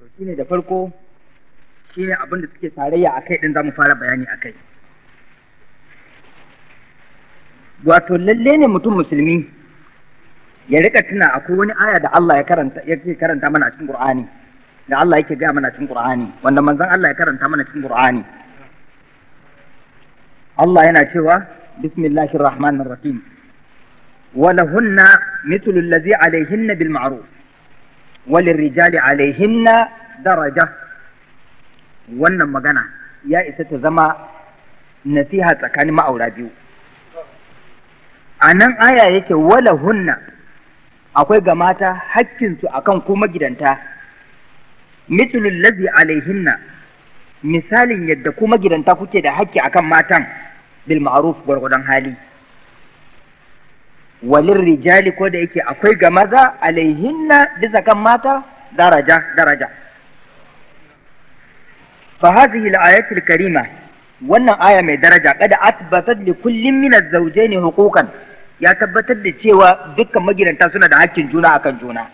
to shine da farko shine abin da suke tarayya akai din zamu fara bayani akai wato lalle ne mutum musulmi ya rika tuna akwai wani aya da Allah ya karanta karanta mana a cikin Qur'ani da Allah yake gaya mana cikin Qur'ani wanda manzon Allah ya karanta mana cikin Qur'ani Allah yana cewa bismillahir rahmanir rahim ولهن مثل الذي عليهن بالمعروف walin rijali alaihinna daraja wannan magana ya isa ta zama nasiha tsakanin ma'aura biyu a nan aya yake wala hunna akwai ga mata hakkinsu akan kuma gidanta mislul lazi alaihinna misalin yadda kuma gidanta kuke da hakki akan matan bil ma'ruf gwargwadon hali walin rijali ko da yake akwai ga maza alaihinna bisa kan mata daraja daraja fa hadhihi al karima wannan aya mai daraja kada atbatat li kullin min az-zawjayn huquqan ya tabbatar da cewa dukkan magidanta suna da hakkin juna akan juna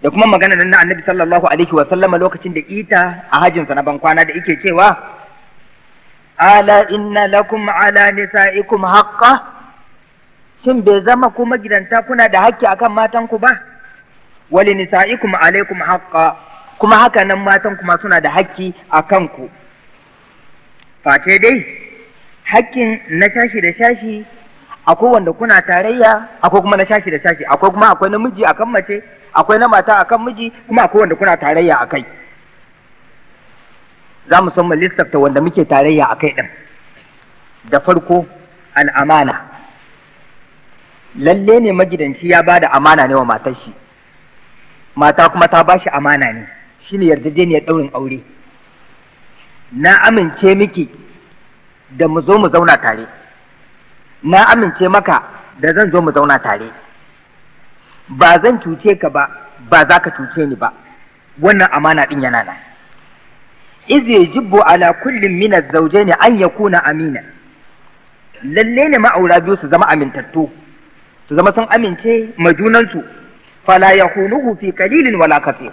da kuma magana nan na annabi sallallahu alaihi wa sallama lokacin da ita a sa na bankwana da yake cewa ala inna lakum ala nisaikum haqqa shin bai zama ko magidanta kuna da hakki akan matanku ba wali nisa'ikum alaikum haqqa kuma haka nan matan kuma suna da hakki a kanku Fate dai hakkin na shashi da shashi akwai wanda kuna tarayya akwai kuma na shashi da shashi akwai kuma akwai namiji akan mace akwai na mata akan miji kuma akwai wanda kuna tarayya akai za mu san mu lissafta wanda muke tarayya akai din da farko al'amana lalle ne magidanci ya ba da amana ne wa matar shi mata kuma ta ba shi amana ne shi ne yarjejeniyar ɗaurin aure na amince miki da mu zo mu zauna tare na amince maka da zan zo mu zauna tare ba zan cuce ka ba ba za ka cuce ni ba wannan amana ɗin yana nan iz jibbo ala kullum mina zauje ne an kuna amina lalle ne ma'aura biyu su zama amintattu su zama sun amince ma junansu fala hunuhu fi kalilin wala kathir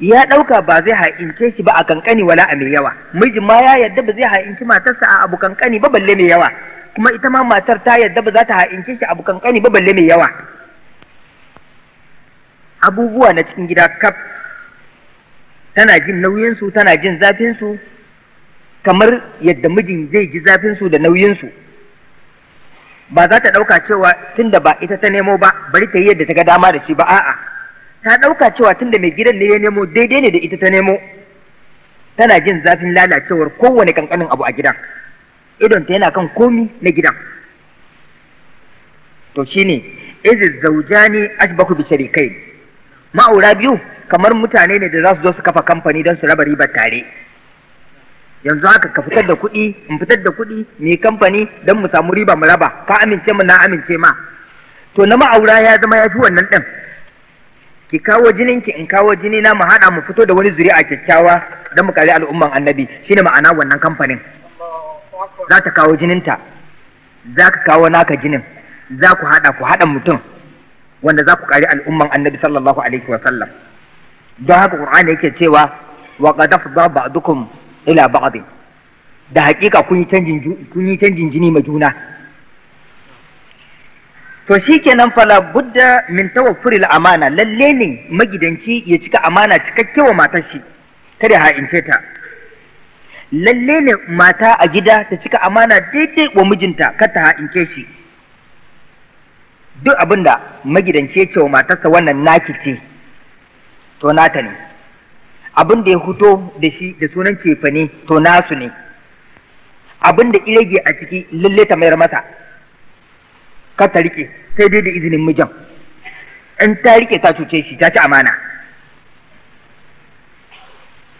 ya ɗauka ba zai ha'ince shi ba a kankani wala a mai yawa mijin ma ya yadda ba zai ha'inci matarsa a abu kankani ba balle mai yawa kuma ita ma matar ta yadda ba za ta ha'ince shi abu kankani ba balle mai yawa abubuwa na cikin gida kaf tana jin nauyinsu tana jin zafinsu kamar yadda mijin zai ji zafinsu da nauyinsu ba za ta ɗauka cewa tun da ba ita ta nemo ba bari ta yi yadda ta ga dama da shi ba a'a ta ɗauka cewa tun da mai gidan ne ya nemo daidai ne da ita ta nemo tana jin zafin lalacewar kowane kankanin abu a gidan idonta yana kan komi na gidan to shine izi zaujani ashbahu bi kai. ma'aura biyu kamar mutane ne da za su zo su kafa kamfani don su raba ribar tare yanzu haka ka fitar da kuɗi in fitar da kuɗi mai kamfani don mu samu riba mu raba ka amince mu na amince ma to na ma'aura ya zama ya fi wannan ɗan. ki kawo jinin ki in kawo jini na mu haɗa mu fito da wani zuri'a kyakkyawa don mu kare al'umman annabi shine ma'ana wannan kamfanin za ta kawo jininta za ka kawo naka jinin za ku haɗa ku haɗa mutum wanda za ku kare al'umman annabi sallallahu alaihi wa sallam don haka qur'ani yake cewa wa ba ba ba'dukum ila ba'd da hakika kun yi canjin kun yi canjin jini ma juna to shikenan fala budda min al amana lalle ne magidanci ya cika amana cikakke wa matar shi kada ha'ince ta lalle ne mata a gida ta cika amana daidai wa mijinta kar ta ha'ince shi duk abinda magidanci ya ce wa matarsa wannan naki ce to nata ne abin da ya fito da shi da sunan cefane ne to nasu ne abin da irage a ciki lalle ta mayar mata, ka ta rike sai dai da izinin mijin in ta rike ta cuce shi ta ci amana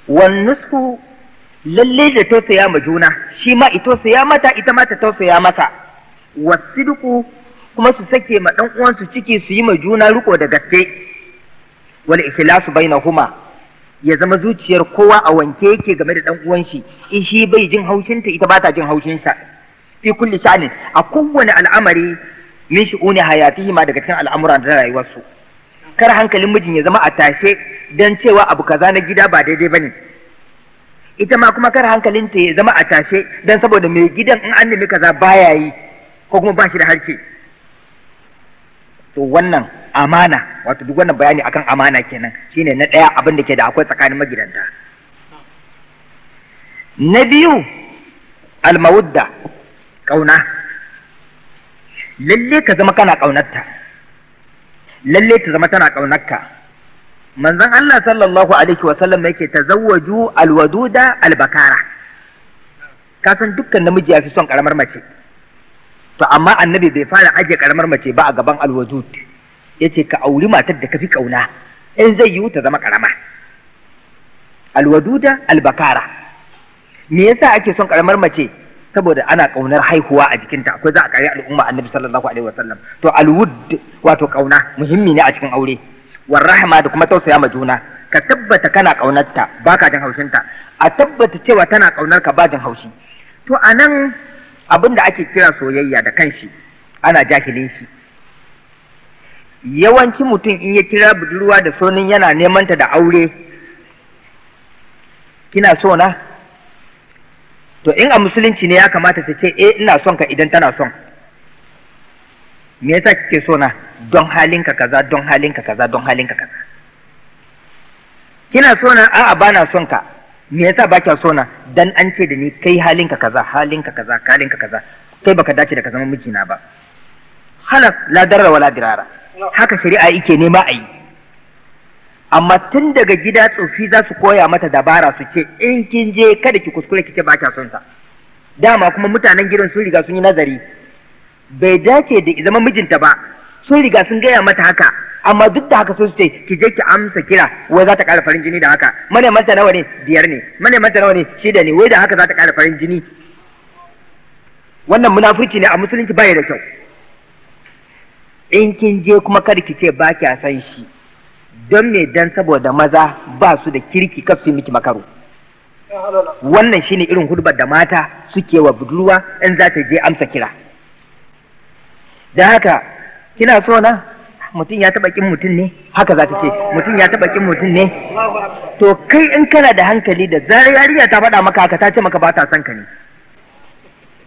wan nusku lalle da tausaya ma juna shi ma ita tausaya mata ita ma ta tausaya masa wasidku kuma su sake ma ɗan uwansu ciki su yi ma juna riko da gaske wal ikhlasu bainahuma ya zama zuciyar kowa a wanke yake game da dan uwan shi in shi bai jin haushinta ita ba ta jin haushinsa fi kulli sha'anin a kowane al'amari min shu'uni hayatihi ma daga cikin al'amuran da rayuwarsu kar hankalin mijin ya zama a tashe dan cewa abu kaza na gida ba daidai bane ita ma kuma kar hankalinta ya zama a tashe dan saboda mai gidan in an nemi kaza baya yi ko kuma ba shi da harke to wannan amana wato duk wannan bayani akan amana kenan shine na ɗaya abin da ke da akwai tsakanin magidanta na biyu almawudda ƙauna lalle ka zama kana ƙaunarta lalle ta zama tana ƙaunarka manzon Allah sallallahu alaihi wasallam yake tazawwaju alwaduda albakara ka san dukkan namiji ya fi son karamar mace to amma annabi bai fara aje karamar mace ba a gaban alwadud ya ce ka auri matar da ka fi ƙauna in zai yiwu ta zama karama alwaduda albakara me yasa ake son ƙaramar mace saboda ana ƙaunar haihuwa a jikinta akwai za a kare al'umma annabi sallallahu alaihi wasallam to alwud wato ƙauna muhimmi ne a cikin aure warrahma da kuma tausaya ma juna ka tabbata kana ƙaunar ta, baka jin haushinta a tabbata cewa tana ƙaunar ka ba jin haushi to anan abin da ake kira soyayya da kanshi ana jahilin shi yawanci mutum in ya kira budurwa da sonin yana neman ta da aure kina so na to in a musulunci ne ya kamata ta ce eh ina son ka idan tana son me yasa kike so na don halinka kaza don halinka kaza don halinka kaza kina so na a'a bana son ka me yasa ba kya so na dan an ce da ni kai halinka kaza halinka kaza halinka kaza kai baka dace da ka zama mijina ba halas la darra wala dirara haka shari'a yake nema a yi amma tun daga gida tsofi za su koya mata dabara su ce in kin je kada ki kuskure ki ce ba kya son sa dama kuma mutanen gidan sun riga sun yi nazari bai dace da zama mijinta ba sun riga sun gaya mata haka amma duk da haka sun ce ki je ki amsa kira wai za ta ƙara farin jini da haka Mane manta nawa ne biyar ne Mane manta nawa ne shida ne wai da haka za ta ƙara farin jini wannan munafurci ne a musulunci bai da kyau in kin je kuma kada ki ce ba kya san shi don me dan saboda maza ba su da kirki kaf su miki makaro wannan shine irin hudubar da mata suke wa budurwa in za ta je amsa kira da haka kina so na mutum ya taba kin mutum ne haka za ta ce mutum ya taba kin mutum ne to kai in kana da hankali da zarar yarinya ta faɗa maka haka ta ce maka ba ta son ka ne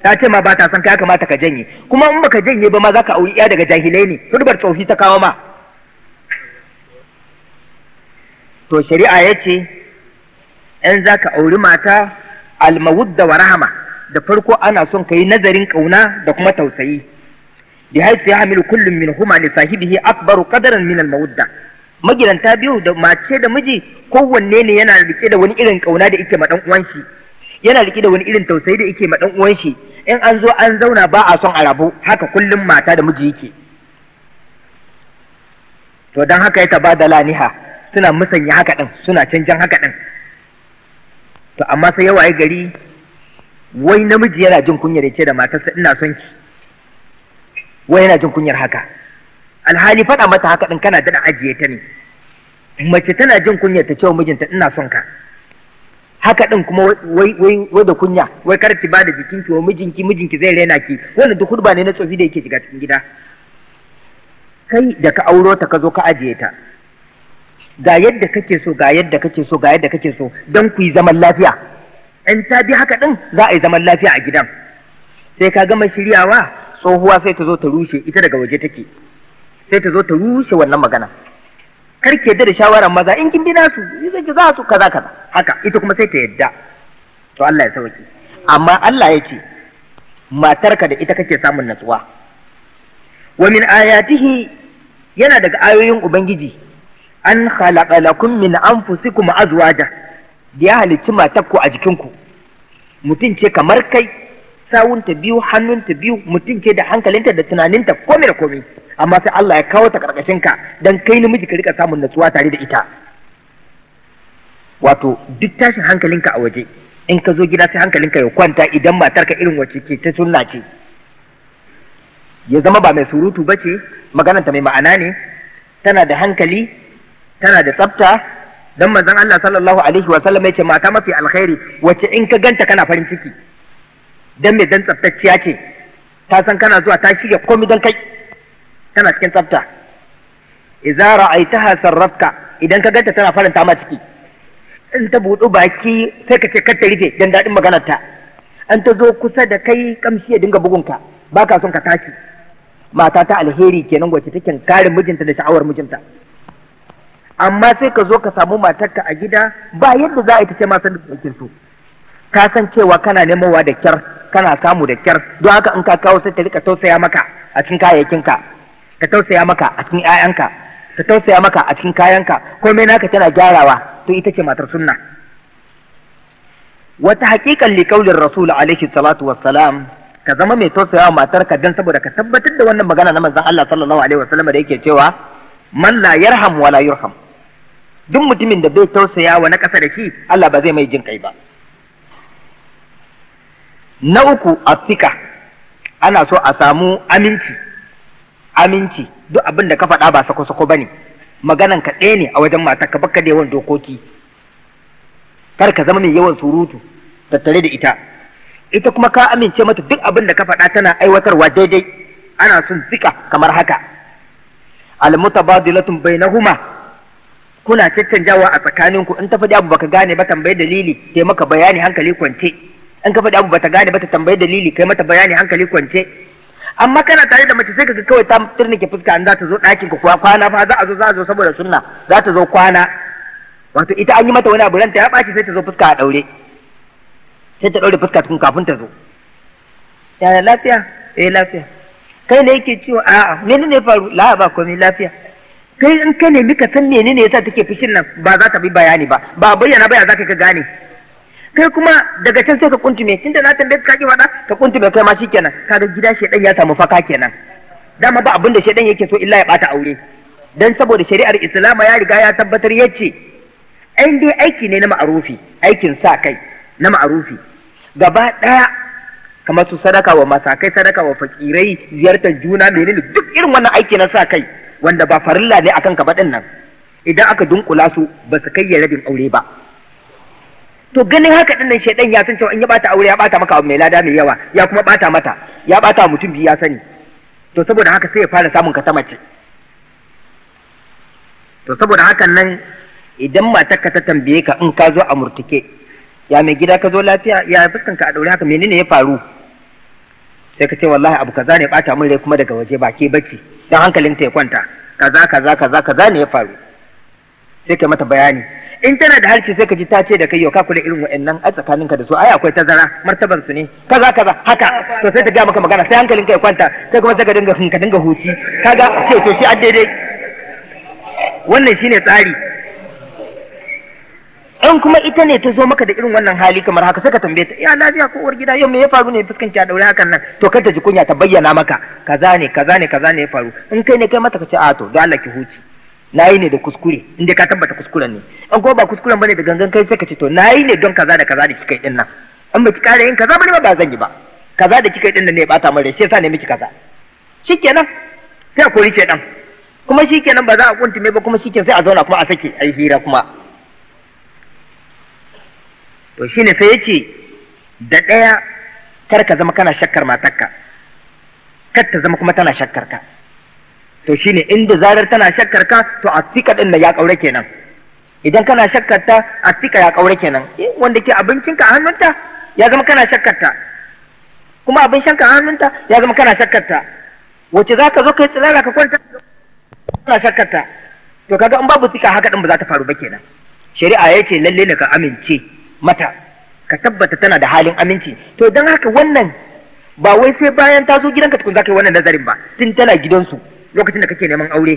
ta ce ma ba ta san ka ya kamata ka janye kuma in baka janye ba ma za ka auri iya daga jahilai ne turbar tsofi ta kawo ma to shari'a ya ce in za ka auri mata almawudda wa rahama da farko ana son ka yi nazarin kauna da kuma tausayi bi haifu ya hamilu kullum min huma li sahibihi akbaru qadaran min almawudda magidanta biyu da mace da miji kowanne ne yana rike da wani irin ƙauna da yake ma dan uwan yana rike da wani irin tausayi da yake ma dan uwan shi in an zo an zauna ba a son a rabu haka kullum mata da miji yake to don haka ya da laniha suna musanya haka din, suna canjan haka din. to amma sai yawa gari wai namiji yana jin kunyar ya ce da matarsa ina son ki wai yana jin kunyar haka alhali faɗa mata haka din kana da ajiye ta ne mace tana jin kunyar ta ce wa mijinta ina son ka haka ɗin kuma wai wai wai da kunya wai kar ki bada jikinki wa mijinki mijinki zai rena ki wannan duk hudba ne na tsofi da yake shiga cikin gida kai da ka auro ta ka zo ka ajiye ta ga yadda kake so ga yadda kake so ga yadda kake so don ku yi zaman lafiya in ta bi haka ɗin za a yi zaman lafiya a gidan sai ka gama shiryawa tsohuwa sai ta zo ta rushe ita daga waje take sai ta zo ta rushe wannan magana kar ki yadda da shawarar maza in kin bi nasu zai ki za su kaza kaza haka ita kuma sai ta yadda to Allah ya sauke amma Allah ya ce matarka da ita kake samun natsuwa wa min ayatihi yana daga ayoyin ubangiji an khalaqa lakum min anfusikum azwaja ya halicci matarku a jikinku mutum ce kamar kai sawunta biyu hannunta biyu mutum ce da hankalinta da tunaninta komai da komai amma sai Allah ya kawo ta karkashin ka dan kai namiji ka rika samun natsuwa tare da ita wato duk tashin hankalinka a waje in ka zo gida sai hankalinka ya kwanta idan matar ka irin wacce ke ta sunna ce ya zama ba mai surutu ba ce maganarta mai ma'ana ne tana da hankali tana da tsafta dan manzon Allah sallallahu alaihi wa sallam mata mafi alkhairi wacce in ka ganta kana farin ciki dan me dan tsaftacciya ce ta san kana zuwa ta shirya komai dan kai tana cikin tsafta idza ra'aitaha sarrafka idan ka ganta tana faranta ma ciki in ta budu baki sai ka ce kar ta rufe dan daɗin maganar ta an ta zo kusa da kai kamshi ya dinga bugunka baka son ka tashi mata ta alheri kenan wacce take kare mijinta da sha'awar mijinta amma sai ka zo ka samu matarka a gida ba yadda za a yi ta ce ma san da ka san cewa kana wa da kyar kana samu da kyar don haka in ka kawo sai ta rika tausaya maka a cikin kayayyakinka ta tausaya maka a cikin 'ya'yanka ta tausaya maka a cikin kayanka komai naka tana gyarawa to ita ce matar sunna wata hakikan li kaulin rasul alaihi salatu wassalam ka zama mai tausayawa matarka dan saboda ka tabbatar da wannan magana na manzon Allah sallallahu alaihi wasallam da yake cewa man la yarham wala yurham duk mutumin da bai tausaya wa na kasa da shi Allah ba zai mai jin ba na uku afika ana so a samu aminci aminci duk abin da ka faɗa ba sako-sako ba ne maganan ka ɗaya ne a wajen mata ka bakka da yawan dokoki kar ka zama mai yawan surutu tattare da ita ita kuma ka amince mata duk abin da ka faɗa tana aiwatarwa daidai ana son zika kamar haka almutabadilatun bainahuma kuna cancanjawa a tsakaninku in ta faɗi abu baka gane ba tambayi dalili sai maka bayani hankali kwance in ka faɗi abu bata gane ba ta tambayi dalili kai mata bayani hankali kwance amma kana tare da mace sai kaga kawai ta turnike fuska an za ta zo ɗakin ka kwana fa za a zo za a zo saboda sunna za ta zo kwana wato ita an yi mata wani abu ranta ya ɓaci sai ta zo fuska a ɗaure sai ta ɗaure fuska tukun kafin ta zo yaya lafiya eh lafiya kai ne yake ciwo a'a menene ne faru la ba komai lafiya kai in ka nemi ka san menene yasa take fushin nan ba za ta bi bayani ba ba bayyana ba ya zaka ka gane kai kuma daga can sai ka kuntume da na tambaye ka ki faɗa ka kuntume kai ma shikenan kaga gida shedan ya samu faka kenan dama ba abin da shedan yake so illa ya bata aure dan saboda shari'ar islama ya riga ya tabbatar yace 'Yan dai aiki ne na ma'arufi aikin sa kai na ma'arufi gaba ɗaya kamar su sadaka wa masakai sadaka wa fakirai ziyartar juna menene duk irin wannan aiki na sa kai wanda ba farilla ne akan ka nan idan aka dunkula su ba su kai ya rabin aure ba to ganin haka din nan shedan ya san cewa in ya bata aure ya bata maka abu mai lada mai yawa ya kuma bata mata ya bata mutum biyu ya sani to saboda haka sai ya fara samun ka mace to saboda hakan nan idan matarka ta tambaye ka in ka zo a murtuke ya mai gida ka zo lafiya ya fuskan ka a daure haka menene ya faru sai ka ce wallahi abu kaza ne bata min rai kuma daga waje ba ke bacci dan hankalin ta ya kwanta kaza kaza kaza kaza ne ya faru sai ka mata bayani in tana da harshe sai ka ji ta ce da kai yau ka kula irin wa'annan a tsakaninka da su ai akwai tazara martaban su ne kaza kaza haka to sai ta ga maka magana sai hankalinka ya kwanta sai kuma sai ka dinga ka dinga huci kaga ce to shi an daidai wannan shine tsari in kuma ita ne ta zo maka da irin wannan hali kamar haka sai ka tambaye ta ya lafiya ko uwar gida yau me ya faru ne fuskanki a daure hakan nan to kar ta ji kunya ta bayyana maka kaza ne kaza ne kaza ne ya faru in kai ne kai mata ka ce a to da Allah ki huci nayi ne da kuskure inda ka tabbata kuskuren ne in ko ba kuskuren bane da gangan kai sai ka ce to nayi ne don kaza da kaza da kika yi dinnan in ba ki kare yin kaza bane ba zan yi ba kaza da kika yi dinnan ne ya bata mare shi yasa ne miki kaza shikenan sai a kori shedan kuma shikenan ba za a kuntume ba kuma shikenan sai a zauna kuma a sake a hira kuma to shine sai yace da daya kar ka zama kana shakkar matarka kar ta zama kuma tana shakkar ka to shine inda zarar tana shakkar ka to ɗin din ya kaure kenan idan kana shakkar ta atika ya kaure kenan eh, wanda ke abincinka a hannunta ya zama kana shakkar ta kuma abin shanka a hannunta ya zama kana shakkar ta wace za ka zo kai tsirara ka kwanta kana shakkar ta to kaga in babu tika haka din ba za ta faru ba kenan shari'a ya ce lalle ne ka amince mata ka tabbata tana da halin aminci to don haka wannan ba wai sai bayan ta zo gidanka tukun za ka yi wannan nazarin ba tun tana gidansu lokacin da kake neman aure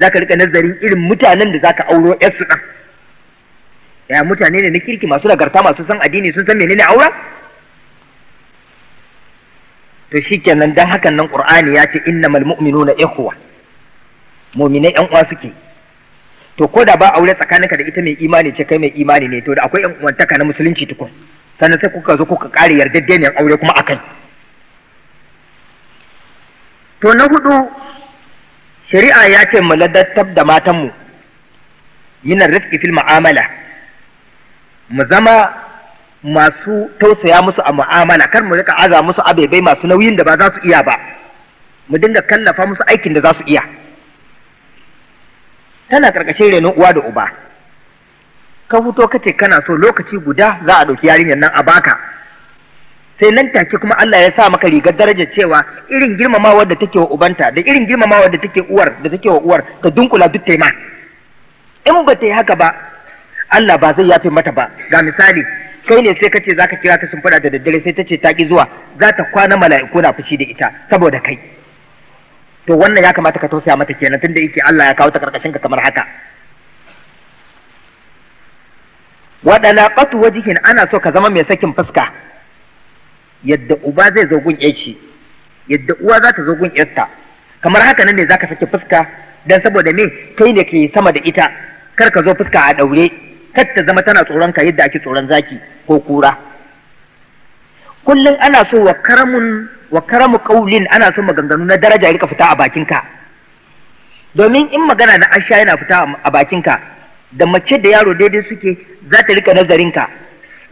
za ka rika nazarin irin mutanen da za ka auro yarsu ɗan ya mutane ne na kirki masu nagarta masu san addini sun san menene aura to shi kenan dan hakan nan qur'ani ya ce innamal mu'minuna ikhwa mu'minai yan uwa suke to ko da ba aure tsakaninka da ita mai imani ce kai mai imani ne to da akwai yan uwantaka na musulunci tukun sannan sai kuka zo kuka kare yardajjeniyar aure kuma akai to na hudu shari'a ya ce mu ladattab da matanmu minar rizki fil mu'amala mu zama masu tausaya musu a mu'amala kar mu rika aza musu abebai masu nauyin da ba za su iya ba mu dinga kallafa musu aikin da za su iya tana karkashin renon uwa da uba ka fito kace kana so lokaci guda za a ɗauki yarinyar nan a baka sai nan take kuma Allah ya sa maka rigar darajar cewa irin girmamawa da take wa ubanta da irin girmamawa da take uwar da take wa uwar ka dunkula duk tema in ba ta yi haka ba Allah ba zai yafe mata ba ga misali kai ne sai kace zaka kira ta sunfada da daddare sai tace ta ki zuwa za ta kwana mala'iku na fushi da ita saboda kai to wannan ya kamata ka tausaya mata kenan tunda yake Allah ya kawo ta karkashin ka kamar haka wadalaqatu wajhin ana so ka zama mai sakin fuska yadda uba zai zo gun shi yadda uwa za ta zo gun yarta kamar haka nan ne zaka sake fuska dan saboda me kai ne ke sama da ita kar ka zo fuska a daure kar ta zama tana tsoron ka yadda ake tsoron zaki ko kura kullum ana so wa karamun wa karamu qaulin ana so maganganu na daraja rika fita a bakinka domin in magana na asha yana fita a bakinka da mace da yaro daidai suke za ta rika nazarinka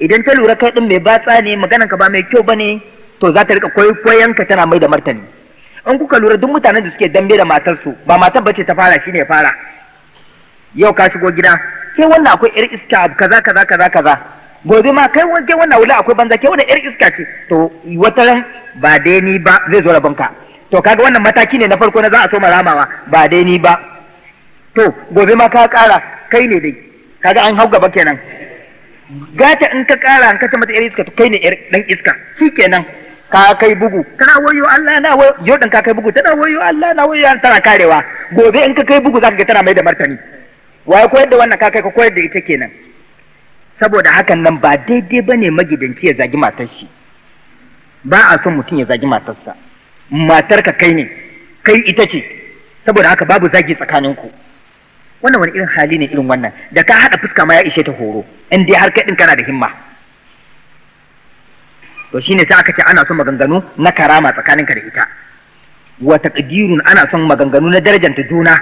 idan ta lura kai din mai batsa ne maganan ka ba mai kyau bane to za ta rika koyon ka tana mai da martani in kuka lura duk mutanen da suke dambe da matarsu ba matar bace ta fara shine ya fara yau ka shigo gida ke wannan akwai yar iska kaza kaza kaza kaza gobe ma kai wanke wannan wula akwai banza ke wannan yar iska ce to wata ran ba dai ni ba zai zo rabon ka to kaga wannan mataki ne na farko na za a so ramawa ba dai ni ba to gobe ma ka kara kai ne dai kaga an hau gaba kenan gata in ka kara in kasa mata yar iska to kai ne dan iska shikenan ka kai bugu tana wayo Allah na wayo yau dan ka kai bugu tana wayo Allah na wayo tana karewa gobe in ka kai bugu zaka ga tana mai da martani waye koyar da wannan ka kai ka koyar da ita kenan saboda hakan nan ba daidai bane magidanci ya zagi matar shi ba a son mutum ya zagi matarsa matarka kai ne kai ita ce saboda haka babu zagi tsakaninku wannan wani irin hali ne irin wannan da ka haɗa fuska ma ya ishe ta horo in dai har kai kana da himma to shine sai aka ce ana son maganganu na karama tsakaninka da ita wa taqdirun ana son maganganu na darajanta juna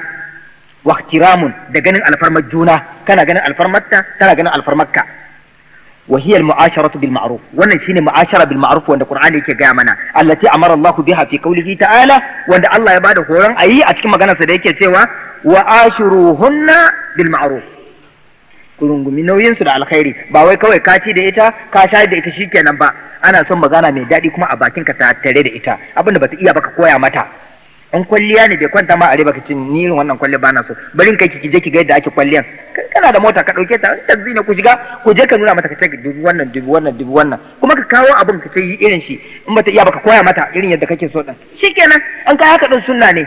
wa ihtiramun da ganin alfarmar juna kana ganin alfarmarta kana ganin alfarmarka wa hiya al-mu'asharatu bil ma'ruf wannan shine mu'ashara bil ma'ruf wanda qur'ani yake gaya mana allati amara Allah biha fi qawlihi ta'ala wanda Allah ya bada horon ayi a cikin maganarsa da yake cewa wa ashiruhunna bil ma'ruf ku rungumi nauyin da alkhairi ba wai kawai ka ci da ita ka sha da ita shikenan ba ana son magana mai daɗi kuma a bakin ka tare da ita abin da bata iya baka koya mata in kwalliya ne bai kwanta ma a riba ka ce ni irin wannan ba na so bari kai ki je ki ga yadda ake kwalliyan kana da mota ka dauke ta in tanzi ne ku shiga ku je ka nuna mata ka ce dubu wannan dubu wannan dubu wannan kuma ka kawo abin ka ce yi irin shi in bata iya baka koya mata irin yadda kake so din shikenan an kaya haka din sunna ne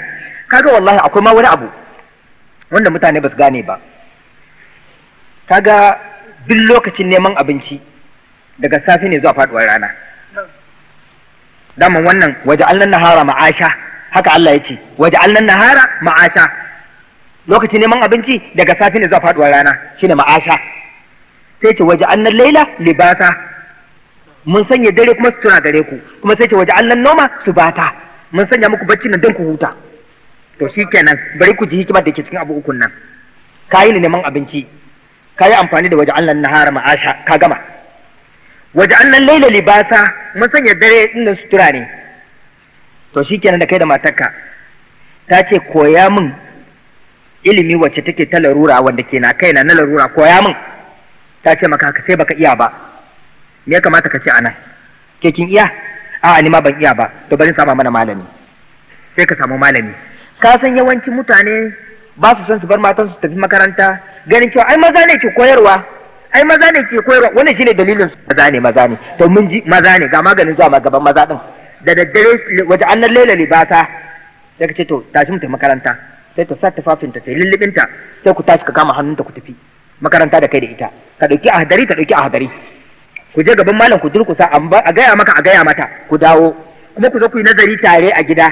kaga wallahi akwai ma wani abu wanda mutane ba su gane ba ta ga duk lokacin neman abinci daga safi ne zuwa faduwar rana daman wannan waje allan nahara ma'asha haka Allah ya ce waje allan nahara ma'asha lokacin neman abinci daga safi ne zuwa faduwar rana shine ma'asha sai ce waje annan laila libasa mun sanya dare kuma su tura gare ku kuma sai ce waje allan noma su bata mun sanya muku bacci na don ku huta to shi kenan bari ku ji hikima da ke cikin abu ukun nan ka yi neman abinci ka yi amfani da waje allan nahara ma'asha ka gama waje allan laila libasa mun sanya dare inda sutura ne to shi kenan da kai da matarka ta ce koya min ilimi wacce take ta larura wanda ke na kaina na larura koya min ta ce maka sai baka iya ba me ya kamata ka ce anan ke kin iya a'a ni ma ban iya ba to bari sama mana malami sai ka samu malami ka san yawanci mutane ba su son su bar matan su tafi makaranta ganin cewa ai maza ne ke koyarwa ai maza ne ke koyarwa wannan shine dalilin su maza ne maza ne to mun ji maza ne ga maganin zuwa gaban maza din da daddare waje annan laila libata sai ka ce to tashi mu tafi makaranta sai ta sa tufafinta sai lullubinta sai ku tashi ka kama hannunta ku tafi makaranta da kai da ita ka dauki hadari ta dauki hadari ku je gaban malam ku durkusa a gaya maka a gaya mata ku dawo kuma ku zo ku yi nazari tare a gida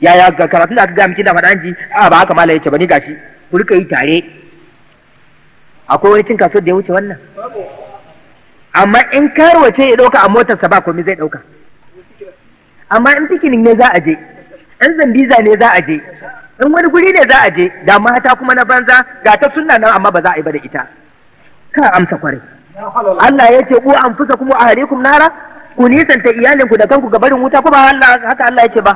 yaya ga karatu da ga gaya miki na faɗa ji a ba haka malaye ce ba ni gashi ku rika yi tare akwai wani cin kaso da ya wuce wannan amma in karuwa ce ya ɗauka a motarsa ba komai zai ɗauka amma in pikinin ne za a je in zambiza ne za a je in wani guri ne za a je da mata kuma na banza ga ta sunna nan amma ba za a yi ba da ita ka amsa kwarai Allah ya ce ku an fusa kuma a halikum nara ku nisanta iyalinku da kanku ga barin wuta ko ba haka Allah ya ce ba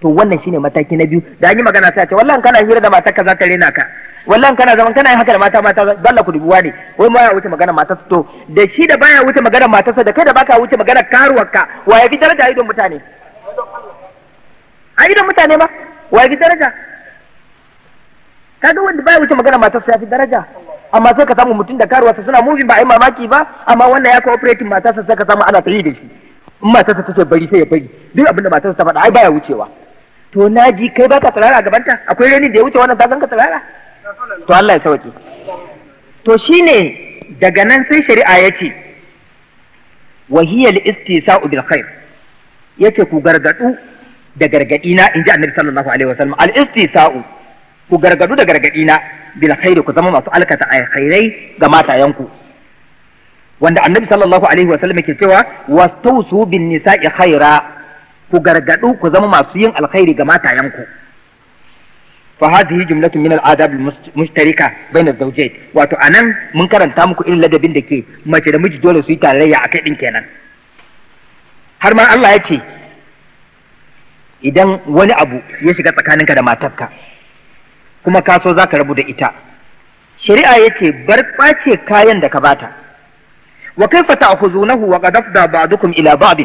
to wannan shine mataki na biyu da an yi magana sai a ce wallahi kana hira da matarka za ta rena ka wallahi kana zaman kana yin haka da mata mata dalla ku dubuwa ne wai ma ya wuce magana matarsa to da shi da baya wuce magana matarsa da kai da baka wuce magana karuwarka wa ya fi daraja a idon mutane a idon mutane ma wa ya fi daraja kaga wanda baya wuce magana matarsa ya fi daraja amma sai ka samu mutum da karuwarsa suna moving ba a yi mamaki ba amma wannan ya cooperating matarsa sai ka samu ana ta da shi in matarsa ta ce bari sai ya bari duk abinda matarsa ta faɗa ai baya wucewa to na ji kai ba ka tsirara a gabanta akwai rani da ya wuce wannan zazan ka tsirara to Allah ya sauke to shine daga nan sai shari'a ya ce li istisa'u bil khair yace ku gargadu da gargadi na inji annabi sallallahu alaihi wasallam al istisa'u ku gargadu da gargadi na bil khair ku zama masu alkata khairai ga matayanku wanda annabi sallallahu alaihi wasallam yake cewa wastausu bin nisa'i khaira ku gargadu ku zama masu yin alkhairi ga matayenku fa hadhihi jumlatun min al-adab al-mushtarika bayna az-zawjayn wato anan mun karanta muku irin ladabin da ke mace da miji dole su yi tarayya akai din kenan har ma Allah ya ce idan wani abu ya shiga tsakaninka da matarka kuma ka so zaka rabu da ita shari'a ya ce bar kwace kayan da ka bata wa kaifa ta'khuzunahu wa qad ba ba'dukum ila ba'd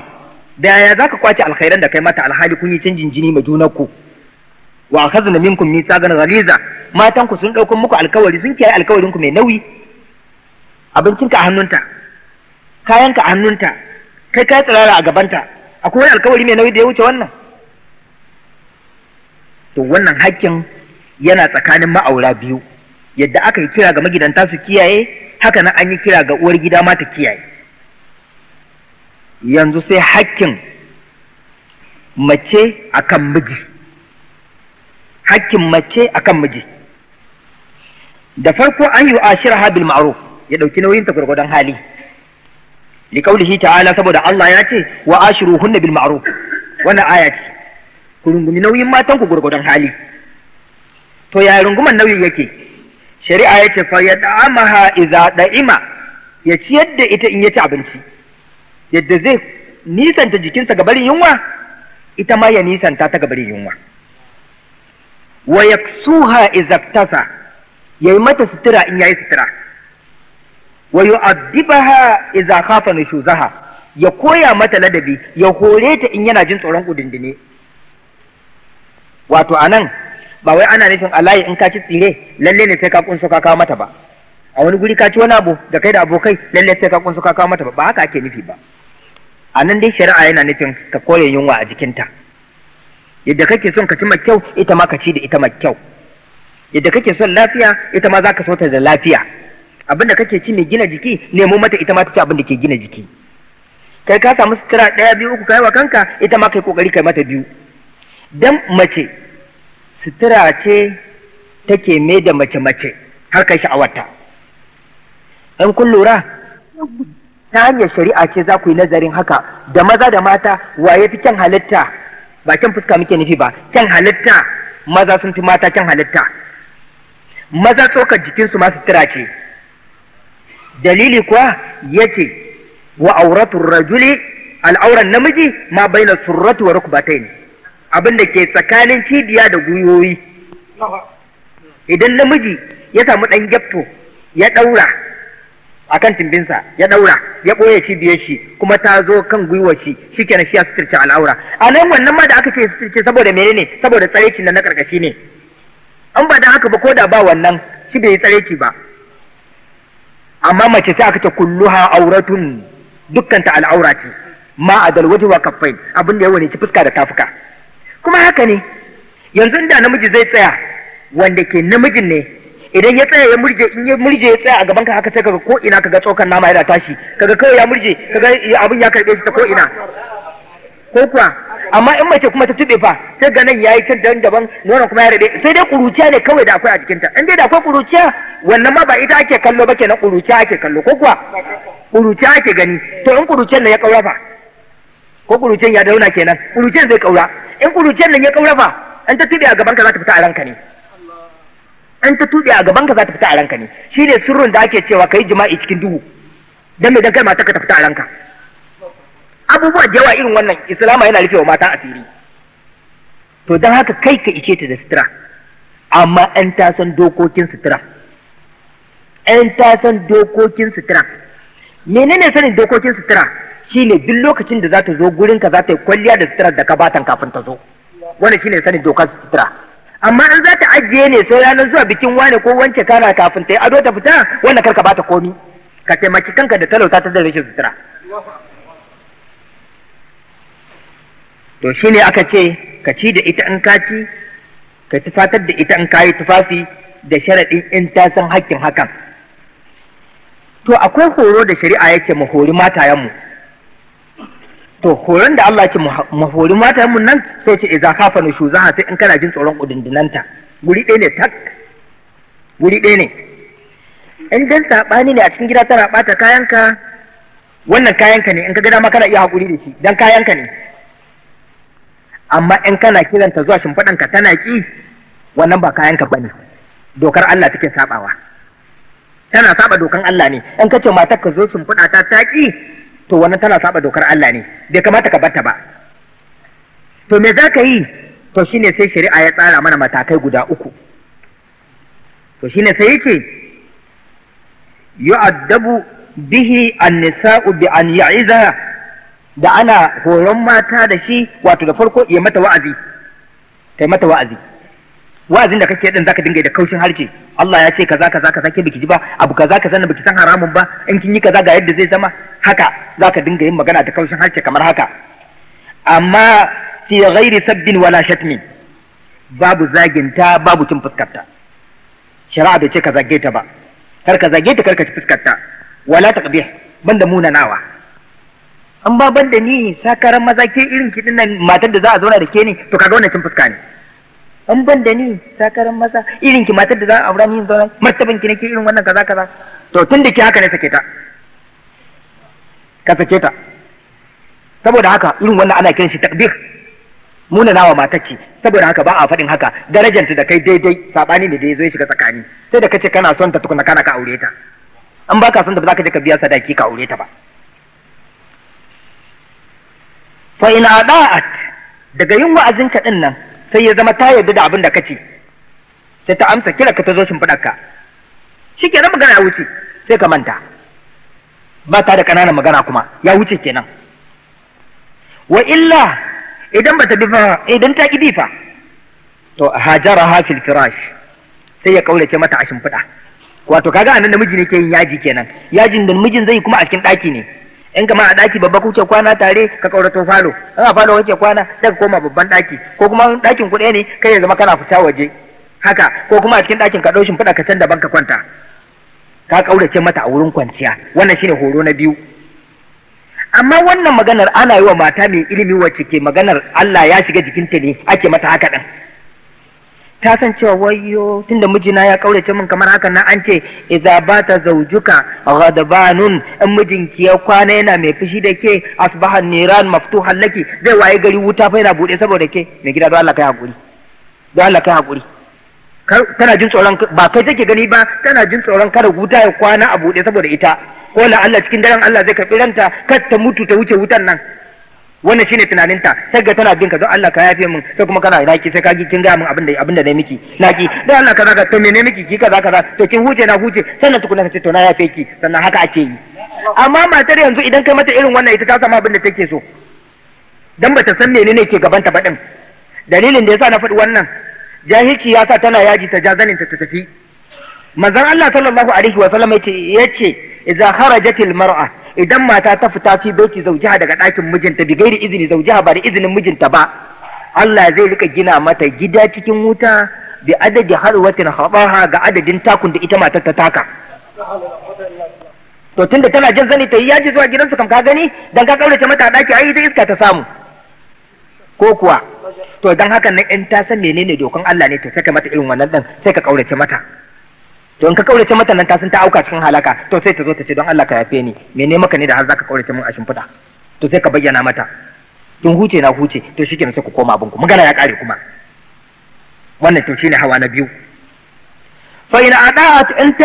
da yaya ka kwace alkhairan da kai mata alhali kun yi canjin jini ma ku wa akhadna minkum mithaqan ghaliza matan ku sun dauko muku alkawari sun kiyaye alkawarin ku mai nauyi abincinka a hannunta kayanka a hannunta kai kai tsirara a gabanta akwai wani alkawari mai nauyi da ya wuce wannan to wannan hakkin yana tsakanin ma'aura biyu yadda aka yi kira ga magidanta su kiyaye haka nan an yi kira ga uwar gida ma ta kiyaye yanzu sai hakkin mace akan miji hakkin mace akan miji da farko an yi ashirar habil ma'aro ya ɗauki nauyin ta gwargwadon hali shi ta'ala saboda Allah ya ce wa ashiru hunna bil ma'aro wannan aya ce ku rungumi nauyin matan ku gwargwadon hali to ya runguman nauyin yake shari'a ya ce fa ya da'amaha iza da'ima ya ci yadda ita in ya ci abinci yadda zai nisanta jikinsa ga barin yunwa ita ma ya nisanta ta ga barin yunwa wa yaksuha izaktasa yayi mata sutura in yayi sutura wa yu'addibaha idza khafa nushuzaha ya koya mata ladabi ya hore ta in yana jin tsoron kudindine wato a nan, ba wai ana nufin alayi in ka ci tsire lalle ne sai ka kunso ka kawo mata ba a wani guri ka ci wani abu da kai da abokai lalle sai ka kunso ka kawo mata ba ba haka ake nufi ba a nan dai shari'a yana nufin ka kore yunwa a jikinta yadda kake son ka ci mai kyau ita ma ka ci da ita mai kyau yadda kake son lafiya ita ma za ka so da lafiya abin da kake ci mai gina jiki nemo mata ita ma ta ci abin da ke gina jiki kai ka samu sutura ɗaya biyu uku kai wa kanka ita ma kai kokari kai mata biyu dan mace sutura ce take mai da mace mace har kai sha'awarta in kun lura ta hanyar shari'a ce za ku yi nazarin haka da maza da mata waye fi kyan halitta ba kyan fuska muke nufi ba kyan halitta maza sun fi mata kyan halitta maza tsokar jikinsu masu tira ce dalili kuwa ya ce wa auratun rajuli al'auran namiji ma baina surratu wa rukubatai ne abin da ke tsakanin cibiya da gwiwoyi idan namiji ya samu ɗan gyafto ya ɗaura akan timbinsa ya ɗaura, ya boye biye shi kuma ta zo kan gwiwar shi shikenan shi ya suturce al'aura a nan wannan ma da aka ce suturce saboda menene saboda tsarecin da na karkashi ne an ba da haka ba ko da ba wannan shi bai yi tsareci ba amma mace sai aka ce kulluha auratun dukkanta al'aura ce ma a dalwaji wa kaffai abin da ya wani fuska da tafuka kuma haka ne yanzu inda namiji zai tsaya wanda ke namijin ne idan ya tsaya ya murje in ya murje ya tsaya a gaban ka haka sai kaga ko ina kaga tsokan nama yana tashi kaga kawai ya murje kaga abin ya karbe shi ta ko ina ko kuwa amma in mace kuma ta tube fa sai ga nan yayi can dan daban nono kuma ya rabe sai dai kuruciya ne kawai da akwai a jikinta in dai da akwai kuruciya wannan ma ba ita ake kallo ba kenan kuruciya ake kallo ko kuwa kuruciya ake gani to in kuruciyan nan ya kaura fa ko kuruciyan ya dauna kenan kuruciyan zai kaura in kuruciyan nan ya kaura fa an ta tube a gaban ka za ta fita a ranka ne an ta tuɗe a gaban ka za ta fita a ranka ne Shi ne sirrin da ake cewa ka yi jima'i cikin duhu dan mai dan mata ka ta fita a ranka abubuwa da yawa irin wannan islama yana rufe wa mata asiri to don haka kai ka ishe ta da sutura amma an ta san dokokin sutura an ta san dokokin sutura menene sanin dokokin sutura shine duk lokacin da za ta zo gurinka za ta yi kwalliya da sutura da ka batan kafin ta zo wannan shine sanin dokar sutura amma in za ta ajiye ne sai ranar zuwa bikin wane ko wance kana kafin ta yi ado ta fita wannan karka bata komi ka taimaki kanka da talauta ta da rashin sutura to shine aka ce ka ci da ita in ka ci ka tufatar da ita in ka yi tufafi da sharaɗin in ta san hakkin hakan to akwai horo da shari'a yake mu hori matayenmu to horon da Allah ke mahori mata mun nan sai ce idza kafa shu zaha sai in kana jin tsoron kudindinanta guri ɗaya ne tak guri ɗaya ne in dan sabani ne a cikin gida tana bata kayanka wannan kayanka ne in ka ga dama kana iya hakuri da shi dan kayanka ne amma in kana kiranta zuwa shimfiɗanka tana ki wannan ba kayanka bane dokar Allah take sabawa tana saba dokan Allah ne in ka matar ka zo shimfiɗa ta ta ki to wannan tana saba dokar Allah ne bai kamata ka batta ba to me za ka yi to shine sai shari'a ya tsara mana matakai guda uku to shine sai yake yu'addabu bihi an-nisa'u bi an ya'iza da ana horon mata da shi wato da farko ya mata wa'azi ta mata wa'azi wa'azin da kake din zaka dinga da kaushin harce Allah ya ce kaza kaza kaza ke biki ji ba abu kaza kaza ne biki san haramun ba in kin yi kaza ga yadda zai zama haka zaka dinga yin magana da kaushin harce kamar haka amma fi ghairi sabbin wala shatmin babu zaginta babu cin fuskarta shari'a bai ce ka zage ta ba kar ka zage ta kar ka ci fuskarta wala taqbih banda munanawa an ba banda ni sakaran maza ke irin kidin nan matar da za a zauna da ke ni to kaga wannan cin fuska ne an ban da ni sakaran maza irin ki matar da za a aura ni zauna martaban ki nake irin wannan kaza kaza to tun da ki haka ne sake ta ka sake ta saboda haka irin wannan ana kiran shi takbir muna nawa matacci saboda haka ba a faɗin haka darajanta da kai daidai sabani ne da ya zo ya shiga tsakani sai da kace kana son ta tukuna kana ka aure ta an baka son da ba za ka je ka biya sadaki ka aure ta ba fa ina da'at daga yin wa'azin ka din nan sai ya zama ta yarda da abin da kace ce sai ta amsa kira ka ta zo shimfiɗarka shi ke nan magana ya wuce sai ka manta ba ta da ƙananan magana kuma ya wuce kenan wa illa idan ba ta bifa idan ta ƙi fa to hajara hafil firash sai ya kaulace mata a shimfiɗa wato kaga anan miji ne ke yin yaji kenan yajin da mijin zai kuma a cikin ɗaki ne in kama a daki babba kuke kwana tare ka kaurato falo in a falo kuke kwana sai koma babban daki ko kuma dakin ku ne kai ya zama kana fita waje haka ko kuma a cikin dakin ka shi fada ka can daban ka kwanta ka kaurace mata a wurin kwanciya wannan shine horo na biyu amma wannan maganar ana yi wa mata mai ilimi wacce ke maganar Allah ya shiga jikinta ne ake mata haka din ta san cewa wayo tunda mijina ya kaurace min kamar haka na an ce idza bata zawjuka ghadbanun in mijinki ya kwana yana mai fushi da ke asbaha niran maftuhan laki zai waye gari wuta fa yana bude saboda ke mai gida don Allah kai hakuri don Allah kai hakuri tana jin tsoron ba kai take gani ba tana jin tsoron kada wuta ya kwana a bude saboda ita ko la Allah cikin daren Allah zai karbi ranta kar ta mutu ta wuce wutan nan wannan shine tunaninta sai ga tana ginka don Allah ka yafe min sai kuma kana naki sai ka kin ga min abin da abin da ne miki naki dan Allah ka zaka to me ne miki ki kaza kaza to kin huce na huce sannan tukuna ce to na yafe ki sannan haka ake yi amma matar yanzu idan kai mata irin wannan ita ta samu abin da take so dan bata san menene ke gaban ta ba din dalilin da yasa na faɗi wannan jahilci ya sa tana yaji ta jazanin ta tafi manzon Allah sallallahu alaihi wa sallam yace idza kharajatil mar'a idan mata ta fita fi baiti zawjiha daga ɗakin mijinta bi gairi izini zawjiha ba da izinin mijinta ba Allah zai rika gina mata gida cikin wuta bi adadi harwatin khabaha ga adadin takun da ita mata ta taka to tunda tana jin zani ta yi yaji zuwa gidansu kam ka gani dan ka kaurace mata a ɗaki ai ta iska ta samu ko kuwa to dan haka nan in ta san menene dokan Allah ne ta, sai ka mata irin wannan dan sai ka kaurace mata don ka kaurace mata nan ta san ta auka cikin halaka to sai ta zo ta ce don Allah ka yafe ni me ne maka ne da har zaka kaurace min a shimfiɗa to sai ka bayyana mata kin huce na huce to shi kenan sai ku koma abinku magana ya kare kuma wannan to shine hawa na biyu fa ina ada'at in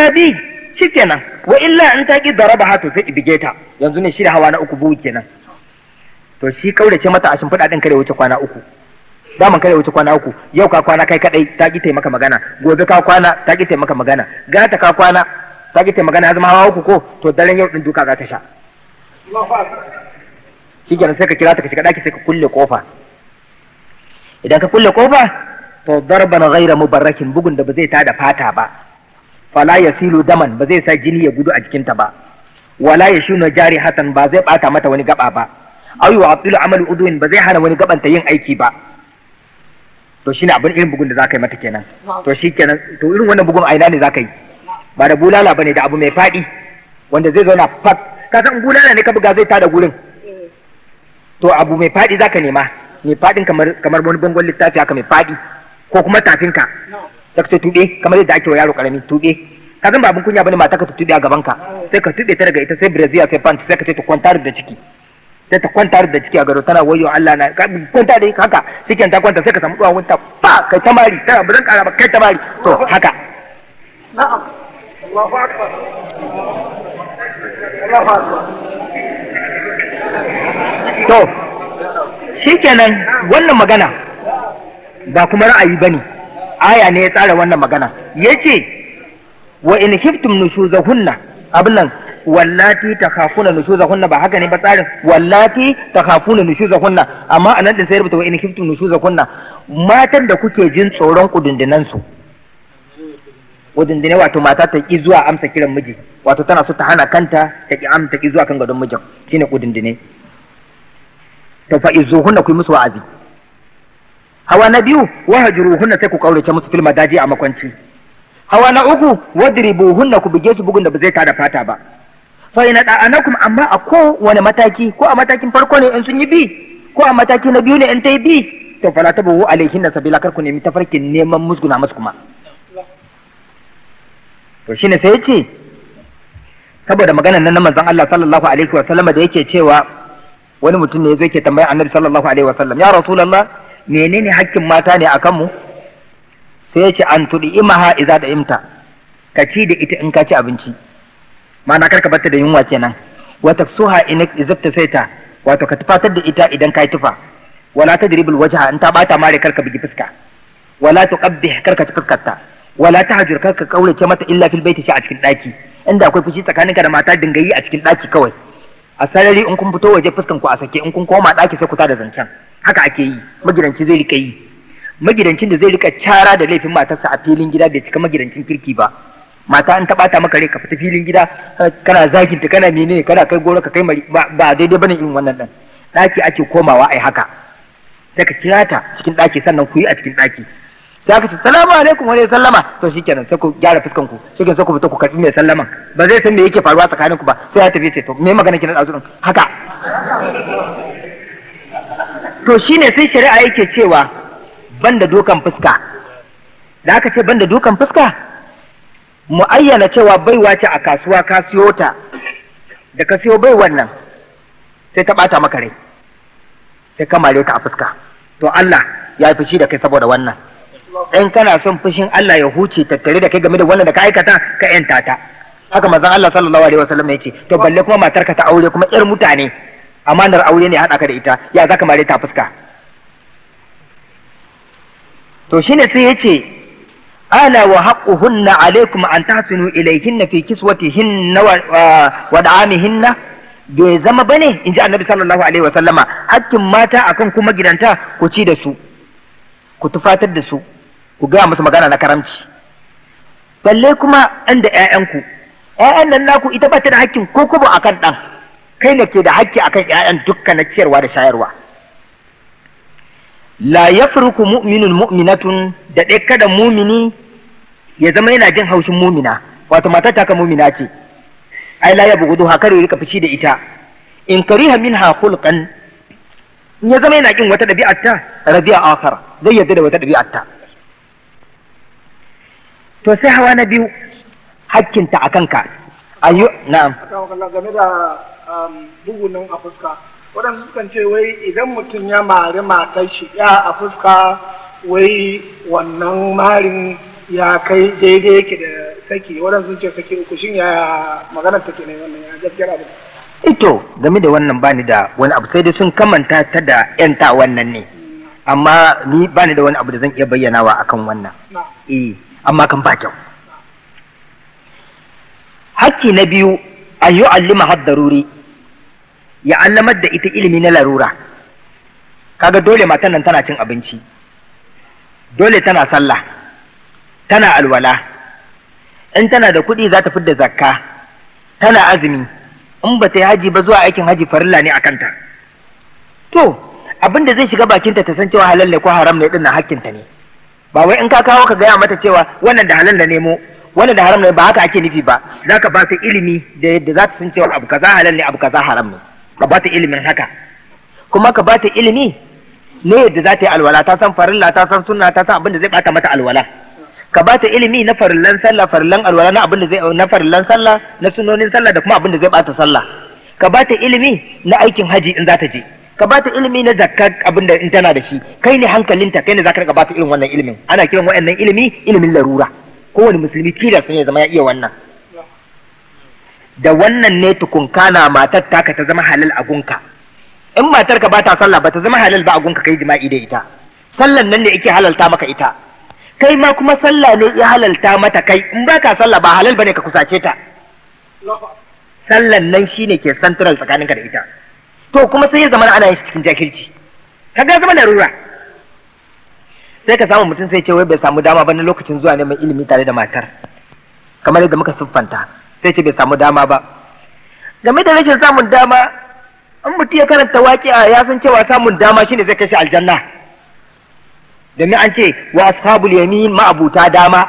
shi kenan wa illa in taqi darabaha to sai ibige ta yanzu ne shi da hawa na uku buke kenan to shi kaurace mata a shimfiɗa din kare wuce kwana uku daman kai wuce kwana uku yau ka kwana kai kadai ta ki taimaka magana gobe ka kwana ta ki taimaka magana gata ka kwana ta ki taimaka magana zama hawa uku ko to daren yau din duka za ta sha shikenan sai ka kira ta ka shiga daki sai ka kulle kofa idan ka kulle kofa to darban ghaira mubarrakin bugun da ba zai tada fata ba fala yasilu daman ba zai sa jini ya gudu a jikinta ba wala yashuna jari hatan ba zai bata mata wani gaba ba ayu abdul amal udwin ba zai hana wani gaban ta yin aiki ba to shine abin irin bugun da za ka yi mata kenan to shi kenan to irin wannan bugun aina ne za ka yi ba da bulala bane da abu mai faɗi wanda zai zauna fat ka san bulala ne ka buga zai tada gurin eh. to abu mai faɗi za ka nema mai faɗin kamar kamar wani bangon littafi haka mai faɗi ko kuma tafinka ka ka tuɓe kamar yadda ake wa yaro karami tuɓe ka san ba abin kunya bane mata ka tuɓe a gaban ka sai ka tuɓe ta daga ita sai brazil sai pant sai ka ce to kwantar da ciki sai ta kwanta da ciki a gado tana wayo Allah na kwanta da haka cikin ta kwanta sai ka samu duwawun ta fa kai ta mari tana bazan kara ba kai ta mari to haka na'am Allahu akbar Allahu akbar to shikenan wannan magana ba kuma ra'ayi bane aya ne ya tsara wannan magana yace wa in khiftum nushuzahunna abin nan wallati takhafuna nushuzahunna ba haka ne ba tsarin wallati takhafuna nushuzahunna amma a nan da sai rubuta wa in khiftum nushuzahunna matan da kuke jin tsoron kudundunan su kudundune wato mata ta ki zuwa amsa kiran miji wato tana so ta hana kanta ta ki amsa ta ki zuwa kan gadon mijin shine kudindine. Ta fa hunna ku musu wa'azi hawa na biyu hunna sai ku kaurace musu filma daji a makwanci hawa na uku hunna ku buge su bugun da ba zai tada fata ba fa ina kuma amma a kowane mataki ko a matakin farko ne in sun yi bi ko a mataki na biyu ne in ta yi bi to fala tabu alaihin na sabila kar ku nemi farkin neman musguna musu kuma to shi ne sai ce saboda maganar nan na manzon Allah sallallahu alaihi wa sallama da yake cewa wani mutum ne yazo yake tambaya annabi sallallahu alaihi wa sallam ya rasulullah menene hakkin mata ne akan mu sai ce an tuɗi imaha idza da imta ka ci da ita in ka ci abinci ma'ana karka batta da yunwa kenan wata suha in izabta saita wato ka tufatar da ita idan ka yi tufa wala ta tadribul wajha in ta bata mare karka bigi fuska wala ta tuqabbih karka ci fuskarta wala ta hajur karka kaurace mata illa fil baiti shi a cikin daki inda akwai fushi tsakaninka da mata dingayi a cikin daki kawai a sarari in kun fito waje fuskan ku a sake in kun koma daki sai ku tada zancen haka ake yi magidanci zai rika yi magidancin da zai rika cara da laifin matarsa a filin gida bai cika magidancin kirki ba mata an taɓa ta maka rai ka fita filin gida kana zaginta kana menene kana kai goro ka kai mari ba daidai bane irin wannan dan ɗaki ake komawa ai haka sai ka kira ta cikin daki sannan ku yi a cikin ɗaki sai ka ce salamu alaikum wani sallama to shikenan sai ku gyara fuskan ku shikenan sai ku fita ku karɓi mai sallama ba zai san me yake faruwa tsakanin ku ba sai ya tafi ce to me magana kina ɗazu haka to shine sai shari'a yake cewa banda dokan fuska da aka ce banda dokan fuska mu ayyana cewa baiwa ce a kasuwa ka siyo ta da ka siyo bai wannan, sai ta bata maka rai sai ka mare ta a fuska to Allah ya yi fushi da kai saboda wannan in kana son fushin Allah ya huce tattare da kai game da wannan da ka aikata ka yanta ta haka manzon Allah sallallahu alaihi wasallam ya ce to balle kuma matarka ta aure kuma yar mutane amanar aure ne haɗa ka da ita ya zaka mare ta fuska to shine sai yace. ala wa haqquhunna alaikum an tahsinu ilayhinna fi kiswatihinna wa da'amihinna bai zama bane in ji annabi sallallahu alaihi wa sallama hakkin mata akan kuma gidanta ku ci da su ku tufatar da su ku gaya musu magana na karamci balle kuma ɗan da ƴaƴanku ƴaƴan nan naku ita ba ta da hakkin ko kuma akan ɗan kai ne ke da hakki akan ƴaƴan dukkan na ciyarwa da shayarwa la ya yafruku mu'minun mu'minatun da ɗaya kada mumini ya zama yana jin haushin mumina wato matar ta ka mumina ce ai la yabghudu ha yi rika fici da ita in kariha minha khulqan in ya zama yana kin wata dabi'ar ta radiya akhar zai yadda da wata dabi'ar ta to sai hawa na biyu hakkinta a kanka. ayu na'am game da um, bugunan a fuska waɗansu sukan ce wai idan mutum ya mari matar shi ya a fuska wai wannan marin ya kai daidai yake da saki sun ce saki uku shin ya magana take ne wannan ya gaskiya abu ito game da wannan bani da wani abu sai dai sun kamanta ta da yanta wannan ne amma ni bani da wani abu da zan iya bayyanawa akan wannan eh amma kan ba kyau hakki na biyu an yi allima haddaruri ya allamar da ita ilimi na larura kaga dole matan nan tana cin abinci dole tana sallah tana alwala in tana da kuɗi za ta da zakka tana azumi in ba ta yi haji ba zuwa aikin haji farilla ne a kanta to abin da zai shiga bakinta ta san cewa halal ne ko haram ne dinnan hakkinta ne ba wai in ka kawo ka gaya mata cewa wannan da halal na nemo wannan da haram ne ba haka ake nufi ba za ka ba ta ilimi da yadda za ta san cewa abu kaza halal ne abu kaza haram ne ka bata ilimin haka kuma ka bata ilimi ne yadda za ta yi alwala ta san farilla ta san sunna ta san abin da zai bata mata alwala ka bata ilimi na farillan sallah farillan alwala na abin da zai na farillan sallah na sunnonin sallah da kuma abin da zai bata sallah ka bata ilimi na aikin haji in za ta je ka bata ilimi na zakka abin da in tana da shi kai ne hankalinta kai ne za ka riga bata irin wannan ilimin ana kiran wa'annan ilimi ilimin larura kowane musulmi kira sun ya zama ya iya wannan da wannan ne tukunkana matar taka ta zama halal a gunka in matar ka bata sallah ba ta zama halal ba a gunka kai jima'i da ita sallan nan ne yake halalta maka ita kai ma kuma sallah ne ya halalta mata kai in ba ka sallah ba halal bane ka kusace ta sallan nan shine ke central tsakaninka da ita to kuma sai ya zama ana yin cikin jakirci kaga zama rura. sai ka samu mutum sai ce wai bai samu dama ba na lokacin zuwa neman ilimi tare da matar kamar yadda muka siffanta sai ce bai samu dama ba game da rashin samun dama an mutu ya karanta a ya san cewa samun dama shine zai kashe aljanna domin an ce wa ashabul yamin ma'abuta dama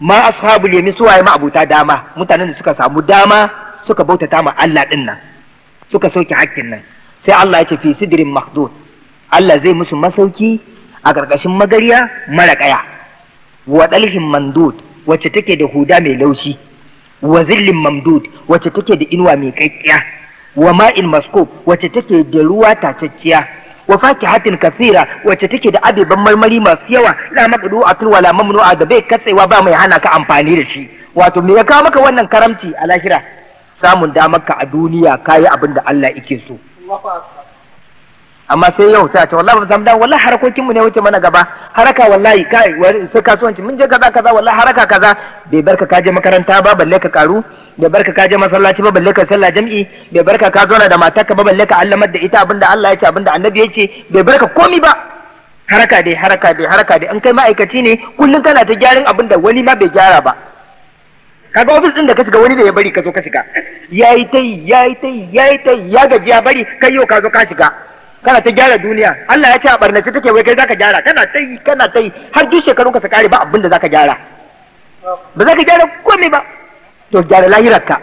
ma ashabul yamin suwaye ma'abuta dama mutanen da suka samu dama suka bautata ma Allah din nan suka sauke hakkin nan sai Allah ya ce fi sidrin mahdud Allah zai musu masauki a ƙarƙashin magariya mara ƙaya wa ɗalhin mandud wacce take da huda mai laushi wa zillin mamdud wacce take da inuwa mai kakkiya wa ma'in maskub wacce take da ruwa tacacciya wa fakihatin kasira wacce take da abeban marmari masu yawa la maqdu'atun wa la mamnu'a da bai katsewa ba mai hana ka amfani da shi wato me ya kawo maka wannan karamci a lahira samun damar ka a duniya kayi abin da Allah yake so amma sai yau sai a ce wallahi ba zan mu dawo wallahi harakokin mu ne wuce mana gaba haraka wallahi kai sai kasuwanci mun je kaza kaza wallahi haraka kaza bai barka ka je makaranta ba balle ka karu bai barka ka je masallaci ba balle ka sallah jam'i bai barka ka zauna da matarka ba balle ka allamar da ita abinda Allah ya ce abinda annabi ya ce bai barka komi ba haraka dai haraka dai haraka dai in kai ma'aikaci ne kullum kana ta gyaran abinda wani ma bai gyara ba kaga ofis din da ka shiga wani da ya bari ka zo ka shiga yayi tai yayi tai yayi tai ya gaji ya bari kai yau ka zo ka shiga kana ta gyara duniya Allah ya ce a barnace take wai kai zaka gyara kana ta yi kana ta yi har duk shekarun ka su kare ba abin da zaka gyara ba zaka gyara komai ba to gyara lahirarka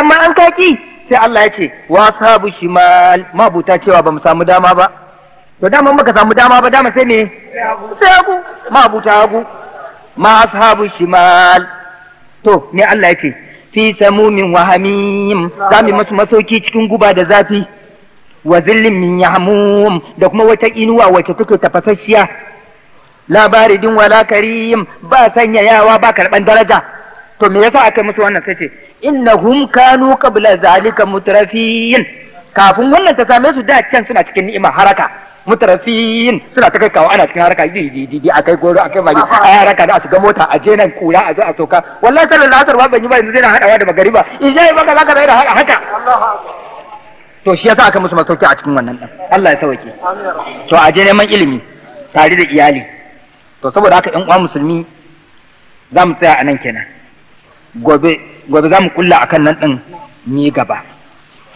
amma an kaki sai Allah ya ce wa sabu shimal mabuta cewa ba mu samu dama ba to dama muka samu dama ba dama sai me sai hagu mabuta hagu ma ashabu shimal to ne Allah ya ce fi samumin wahamim zamu masu masauki cikin guba da zafi wa zillin min yahmum da kuma wata inuwa wacce take tafasasshiya labaridin wala karim ba sanya yawa ba karban daraja to me yasa aka musu wannan sai ce innahum kanu qabla zalika mutrafiyin kafin wannan ta same su da can suna cikin ni'ima haraka mutrafiyin suna ta kawo ana cikin haraka di di di akai goro akai mari a haraka da su ga mota a je nan kura a zo a soka wallahi sallallahu alaihi wasallam ban yi ba yanzu zai na hadawa da magariba in je ba ka zaka zai da haka to shi yasa aka musu masauki a cikin wannan ɗan Allah ya sauke to a je neman ilimi tare da iyali to saboda haka ƴan uwa musulmi za mu tsaya a nan kenan gobe gobe za mu kulla akan nan ɗin ni gaba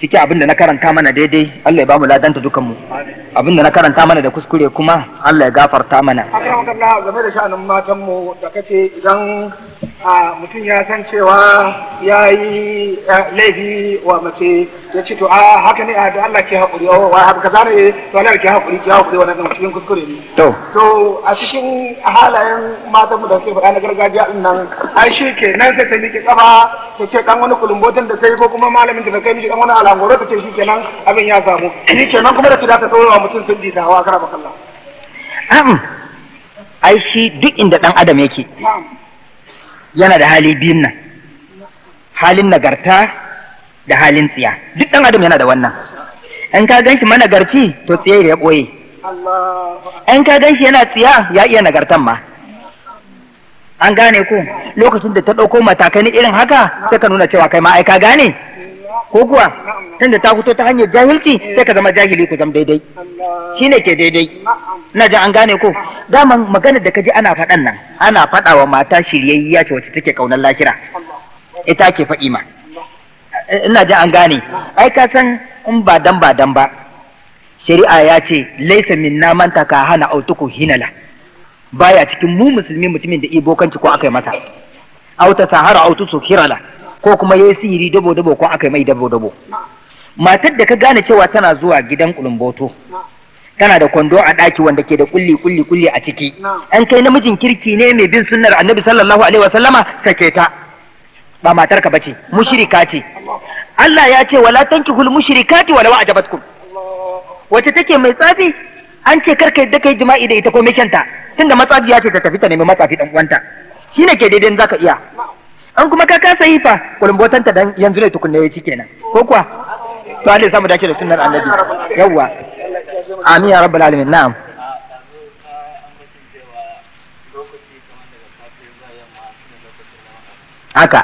ciki abinda na karanta mana daidai Allah ya bamu ladanta dukanmu abinda na karanta mana da kuskure kuma Allah ya gafarta mana akan Allah game da sha'anin matan mu da kace idan mutum ya san cewa yayi laifi wa mace ya ce to a haka ne a da Allah ke hakuri wa haka kaza ne to Allah ke hakuri ki hakuri wannan din cikin kuskure ne to to a cikin halayen matan mu da ke faɗa gargajiya din nan ai shi ke nan sai ta miƙe kafa ta ce kan wani kulumbotin da sai ko kuma malamin da kai mishi kan wani matsala gobe ce shi kenan abin ya samu shi kenan kuma da ta wa mutum sun wa karaba kara am ai shi duk inda ɗan adam yake yana da hali biyun nan halin nagarta da halin tsiya duk ɗan adam yana da wannan in ka gan shi managarci to tsiye da ya ɓoye in ka gan shi yana tsiya ya iya nagartan ma an gane ko lokacin da ta ɗauko matakai na irin haka sai ka nuna cewa kai ma ai ka gane ko kuwa tunda ta fito ta hanyar jahilci sai ka zama jahili ku zama daidai shine ke daidai na ji an gane ko daman maganar da ka ji ana faɗan nan ana faɗa wa mata shiryayya ce wacce take kaunar lahira ita ke faɗi ma ina ji an gane ai ka san in ba dan ba dan ba shari'a ya ce laisa naman ta ka hana autuku hinala baya cikin mu musulmi mutumin da ibokanci ko akai masa auta sahara autu sukirala ko kuma ya yi sihiri dabo dabo ko aka mai dabo dabo matar da ka gane cewa tana zuwa gidan kulumboto tana da kwando a ɗaki wanda ke da kulli kulli kulli a ciki an kai namijin kirki ne mai bin sunnar annabi sallallahu alaihi wasallama sake ta ba matar ka bace mushrika ce Allah ya ce wala tankihul mushrikati wala wa'jabatkum wace take mai tsafi an ce karka yadda kai jima'i da ita ko mekenta tunda matsafiya ce ta tafi ta nemi matsafi ɗan uwanta shine ke daidai zaka iya an kuma ka kasa yi fa kulumbotan ta dan yanzu ne tukunna yayi kenan ko kuwa to Allah ya samu dace da sunnar annabi yawwa amin ya rabbal alamin na'am haka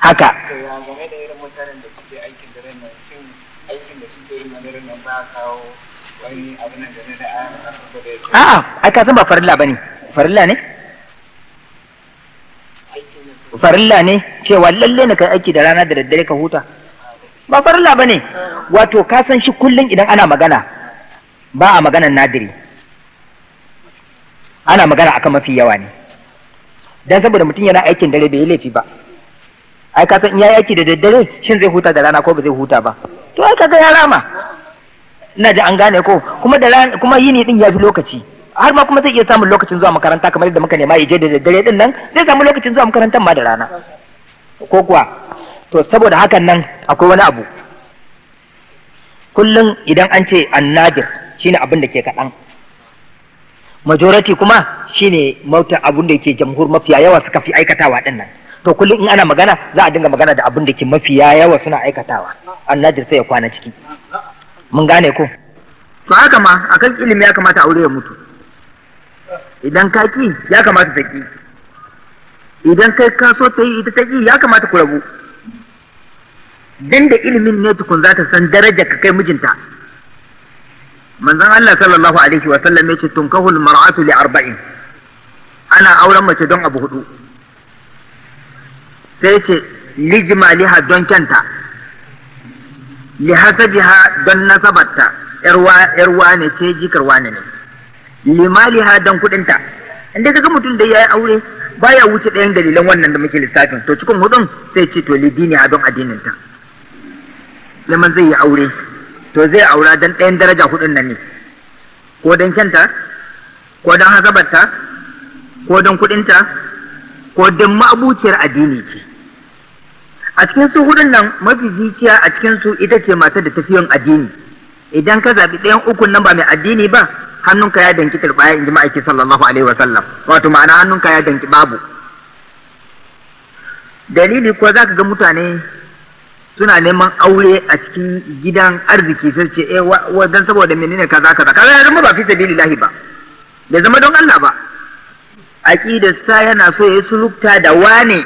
haka a'a ai ka san ba farilla bane farilla ne farilla ne cewa lalle ne kai aiki da rana da daddare ka huta ba farilla bane wato ka san shi kullum idan ana magana ba a maganar nadiri ana magana akan mafi yawa ne dan saboda mutum yana aikin dare bai yi laifi ba ai ka san in yayi aiki da daddare shin zai huta da rana ko ba zai huta ba to ai kaga ya rama ina ji an gane ko kuma da kuma yini din ya fi lokaci har ma kuma zai iya samun lokacin zuwa makaranta kamar yadda muka nema ya je da daddare din nan zai samu lokacin zuwa makarantar ma da rana ko kuwa to saboda hakan nan akwai wani abu kullum idan an ce annajir shine abin da ke kaɗan majority kuma shine mauta abin da yake jamhur mafiya yawa suka fi aikatawa din nan to kullum in ana magana za a dinga magana da abin da ke mafiya yawa suna aikatawa annajir sai ya kwana ciki mun gane ko to haka ma akan ilimi ya kamata aure ya mutu idan ka ki ya kamata ta ki idan kai ka so ta yi ita ta ki ya kamata ku rabu dan da ilimin ne tukun za ta san daraja ka kai mijinta manzon Allah sallallahu alaihi wa sallam yace tunkahul mar'atu li arba'in ana auren mace don abu hudu sai ce lijmaliha don kyanta li don nasabarta yarwa yarwa ne ce jikarwa ne ne Limali limaliha dan kudinta in inda kaga mutum ya yayi aure baya wuce ɗayan dalilan wannan da muke lissafin to cikin hudun sai ce to lidini ha don addinin ta liman zai yi aure to zai aura dan ɗayan daraja hudun nan ne ko dan kyanta ko dan hazabarta ko dan ta ko dan ma'abuciyar addini ce a cikin su hudun nan mafi zuciya a cikin su ita ce matar da tafiyan addini idan ka zaɓi ɗayan ukun nan ba mai addini ba hannunka ya danki turbaya in ji ma'aiki sallallahu alaihi wa sallam wato ma'ana hannunka ya danki babu dalili ko za ka ga mutane suna neman aure a cikin gidan arziki sai ce eh wajen saboda menene kaza kaza kaza ya zama ba fi sabilillahi ba bai zama don Allah ba aqidar sa yana so ya sulukta da wane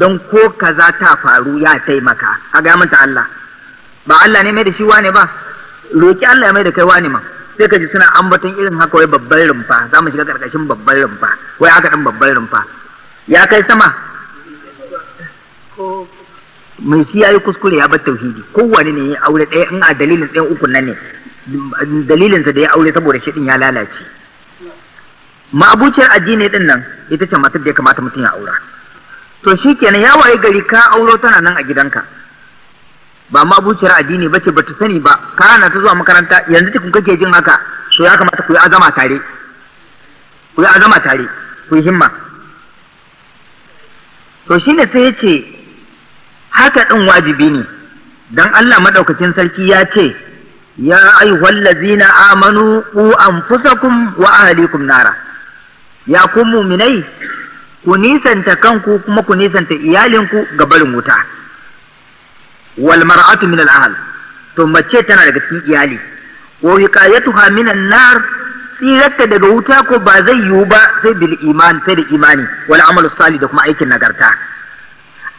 don ko kaza ta faru ya taimaka kaga manta Allah ba Allah ne mai da shi wane ba roki Allah ya mai da kai wane ma sai ka ji suna ambaton irin haka wai babban rumfa za mu shiga karkashin babban rumfa wai aka ɗan babban rumfa ya kai sama mai shi yayi kuskure ya bar tauhidi kowane ne ya aure ɗaya in a dalilin ɗaya uku nan ne dalilinsa da ya aure saboda shi ɗin ya lalace ma'abuciyar addini din nan ita ce matar da ya kamata mutum ya aura to shi kenan ya waye gari ka auro tana nan a gidanka ba ma buciyar addini ba ba ta sani ba kana ta zuwa makaranta yanzu kuka kake jin haka so ya kamata ku yi azama tare ku yi azama tare ku yi himma to ne sai ce haka ɗin wajibi ne Don Allah maɗaukacin sarki ya ce ya ayyuhal na amanu ku fusakun wa ahlikum nara ya ku mu'minai ku nisanta kanku kuma ku nisanta iyalinku ga barin wuta wal mar'atu min al ahl to mace tana daga cikin iyali wa wiqayatuha min an nar tsirarta daga wuta ko ba zai yiwu ba sai bil iman sai da imani wal amalu salih da kuma aikin nagarta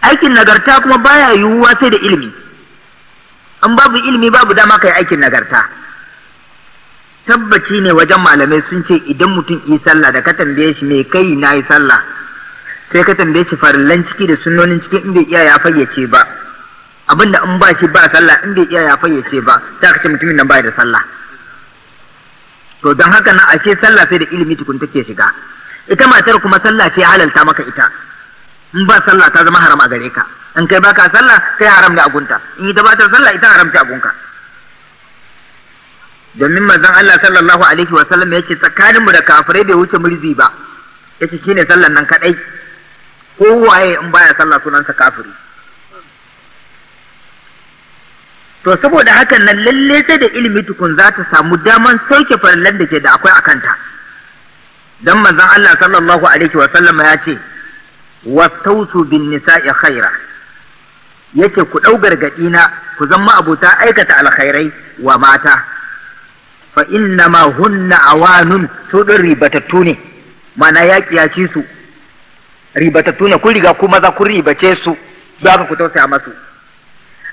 aikin nagarta kuma baya yiwuwa sai da ilimi an babu ilimi babu dama kai aikin nagarta tabbaci ne wajen malamai sun ce idan mutum yi sallah da ka tambaye shi mai kai na yi sallah sai ka tambaye shi farillan ciki da sunnonin ciki in bai iya ya fayyace ba abinda in ba shi ba sallah in bai iya ya fayyace ba sai aka ce mutumin nan ba da sallah to don haka nan ashe sallah sai da ilimi tukun take shiga ita matar kuma sallah ce halalta maka ita in ba sallah ta zama haram a gare ka in kai baka sallah kai haram da agunta in ita ba ta sallah ita haram ta agunka domin manzon Allah sallallahu alaihi wa sallam yace tsakaninmu da kafirai bai wuce murzi ba yace shine sallan nan kadai waye in baya sallah sunansa kafiri to saboda hakan nan lalle sai da ilimi tukun za ta samu daman sauke farallan da ke da akwai a kanta dan manzon Allah sallallahu alaihi wa sallama ya ce wastausu bin nisa'i khaira yake ku ɗau gargaɗi na ku zama abota aikata alkhairai wa mata fa inna ma hunna awanun su ɗin ribatattu ne mana ya kiyaci su ribatattu ne kun riga ku maza kun ribace su za ku tausaya masu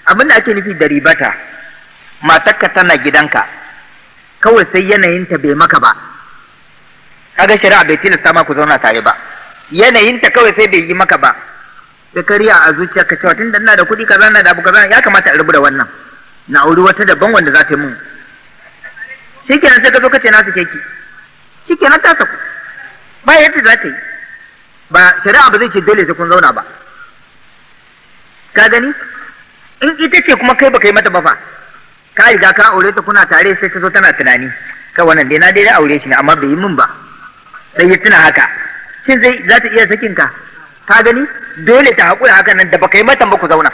abin da ake nufi da ribata matarka tana gidanka kawai sai yanayinta bai maka ba kaga shari'a bai tilasta ma ku zauna tare ba yanayinta kawai sai bai yi maka ba da kariya a ka cewa tunda ina da kuɗi kaza na da abu kaza ya kamata in rubu da wannan na auri wata daban wanda za ta yi mun shikenan sai ka zo ka ce na su keki shikenan ta saku ba yadda za ta yi ba shari'a ba zai ce dole sai kun zauna ba ka gani in ita ce kuma kai baka yi mata ba fa ka riga ka aure ta kuna tare sai ta zo tana tunani kai wannan dai na dai aure shi ne amma bai yi min ba sai ya tuna haka shin zai za ta iya sakin ka ka gani dole ta haƙura haka nan da baka yi mata ba ku zauna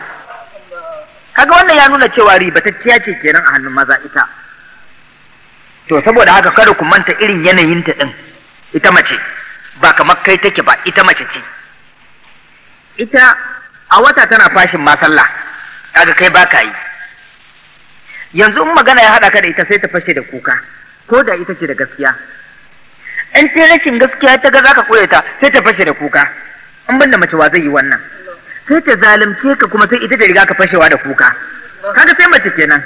kaga wannan ya nuna cewa ribatacciya ce kenan a hannun maza ita to saboda haka kada ku manta irin yanayin ta din ita mace ba kamar kai take ba ita mace ce ita a wata tana fashin ma kaga kai ba ka yi yanzu in magana ya haɗa ka da ita sai ta fashe da kuka ko da ita ce da gaskiya in ta rashin gaskiya ta ga zaka koya ta sai ta fashe da kuka in ban da mace wa zai yi wannan sai ta zalunce ka kuma sai ita ta riga ka fashewa da kuka kaga sai mace kenan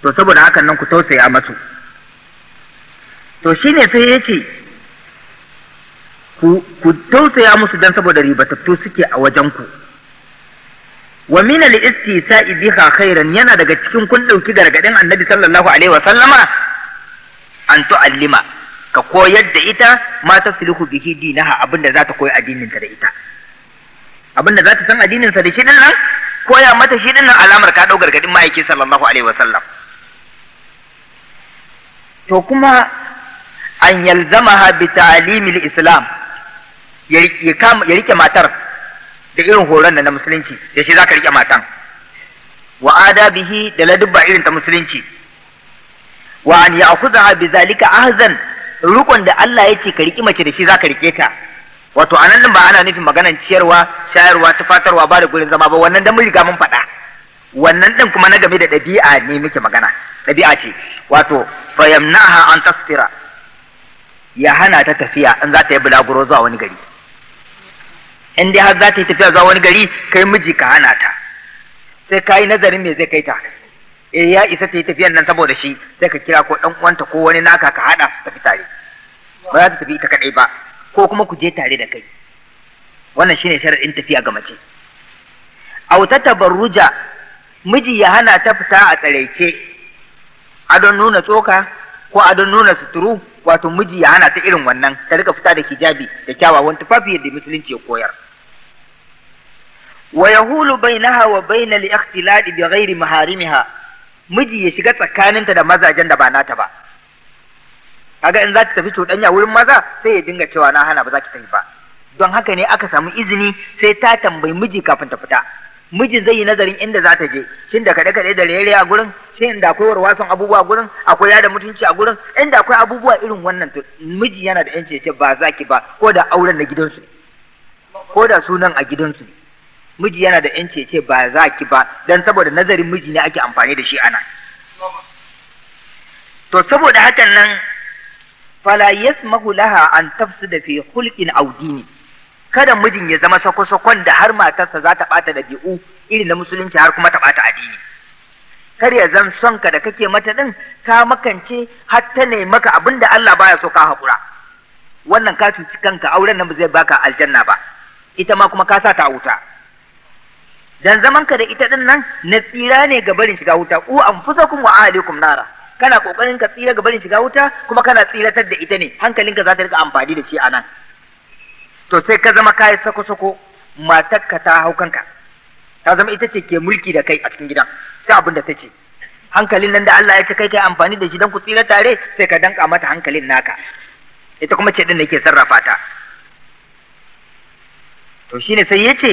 to saboda hakan nan ku tausaya masu to shine sai ya ce ku tausaya musu don saboda ribatattu suke a wajen ku wa min al-istisa'i biha khairan yana daga cikin kun dauki gargadin annabi sallallahu alaihi wa sallama an tu'allima ka koyar da ita ma tasluhu bihi dinaha abinda za ta koyi addinin ta da ita abinda za ta san addinin sa da shi dinnan nan koya mata shi dinnan nan alamar ka dau gargadin ma'aiki sallallahu alaihi wa sallam to kuma an yalzamaha bi ta'limil islam ya rike matar da irin horon da na musulunci da shi zaka rike matan wa bihi da ladubba irin ta musulunci wa an ya'khudha bi zalika ahzan rukun da Allah yake ka riki mace da shi zaka rike ta wato anan nan ba ana nufin maganan ciyarwa shayarwa tufatarwa ba da gurin zama ba wannan dan mun riga mun faɗa wannan din kuma na game da dabi'a ne muke magana dabi'a ce wato fayamnaha an tasfira ya hana ta tafiya in za ta yi bulaguro zuwa wani gari in dai har za ta yi tafiya zuwa wani gari kai miji ka hana ta sai ka yi nazarin me zai kai ta eh ya isa ta yi tafiyan nan saboda shi sai ka kira ko dan uwanta ko wani naka ka hada su tafi tare ba za ta tafi ita kadai ba ko kuma ku je tare da kai wannan shine sharadin tafiya ga mace aw ta tabarruja miji ya hana ta fita a tsaraice a don nuna tsoka ko a don nuna suturu wato miji ya hana ta irin wannan ta rika fita da hijabi da kyawawan tufafi da musulunci ya koyar wa yahulu bai wa bainal ladi bi ghairi maharimiha miji ya shiga tsakaninta da mazajen da ba nata ba kaga in za ta tafi cuɗanya wurin maza sai ya dinga cewa na hana ba za ki tafi ba don haka ne aka samu izini sai ta tambayi miji kafin ta fita miji zai yi nazarin inda za ta je shin da kaɗe kaɗe da rere a gurin shin da akwai warwason abubuwa a gurin akwai yada mutunci a gurin inda akwai abubuwa irin wannan to miji yana da yanci ya ce ba za ki ba ko da auren na gidansu ko da sunan a gidansu ne miji yana da yanci ce ba za ki ba dan saboda nazarin miji ne ake amfani da shi ana to saboda hakan nan fala yasmahu laha an tafsida fi hulkin aw dini kada mijin ya zama sakosakon da har matarsa za ta ɓata ɗabi'u irin na musulunci har kuma ta ɓata addini kar ya zan son ka da kake mata ɗin ka makance har ta ne maka abin da Allah baya so ka haƙura wannan ka cuci kanka auren nan ba zai baka aljanna ba ita ma kuma ka sa ta wuta dan zaman ka da ita din nan na tsira ne ga barin shiga wuta ku anfusakum wa ahlikum nara kana kokarin ka tsira ga barin shiga wuta kuma kana tsiratar da ita ne hankalinka za ta rika amfani da shi a nan. to sai ka zama kai sako-sako matarka ta hau kanka ta zama ita ce ke mulki da kai a cikin gidan sai abin da ta ce hankalin nan da Allah ya ce kai kai amfani da shi don ku tsira tare sai ka danka mata hankalin naka ita kuma ce din da ke sarrafa ta to shine sai yace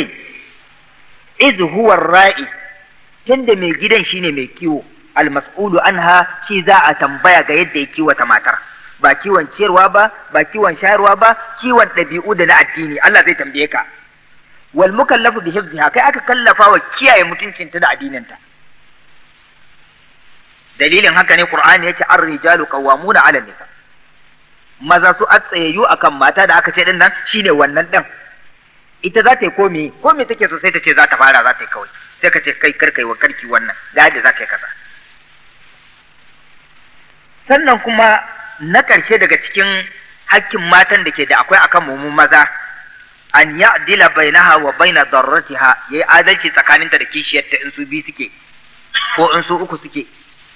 iz huwa ra'i tunda mai gidan shine mai kiwo almas'ulu anha shi za a tambaya ga yadda ya kiwata matar ba kiwon ciyarwa ba ba kiwon shayarwa ba kiwon ɗabi'u da na addini Allah zai tambaye ka wal mukallafu bi hifziha kai aka kallafa wa kiyaye mutuncinta da addinin ta dalilin haka ne qur'ani yace ar-rijalu qawwamuna 'ala nisa maza su atsayayyu akan mata da aka ce din nan shine wannan din ita za ta yi komi komi take so sai ta ce za ta fara za ta yi kawai sai ka ce kai karkai wa karki wannan ga yadda za ka yi kasa sannan kuma na karshe daga cikin hakkin matan da ke da akwai akan mu maza an ya dila bainaha wa baina darratiha yayi adalci ta da kishiyarta in su bi suke ko in su uku suke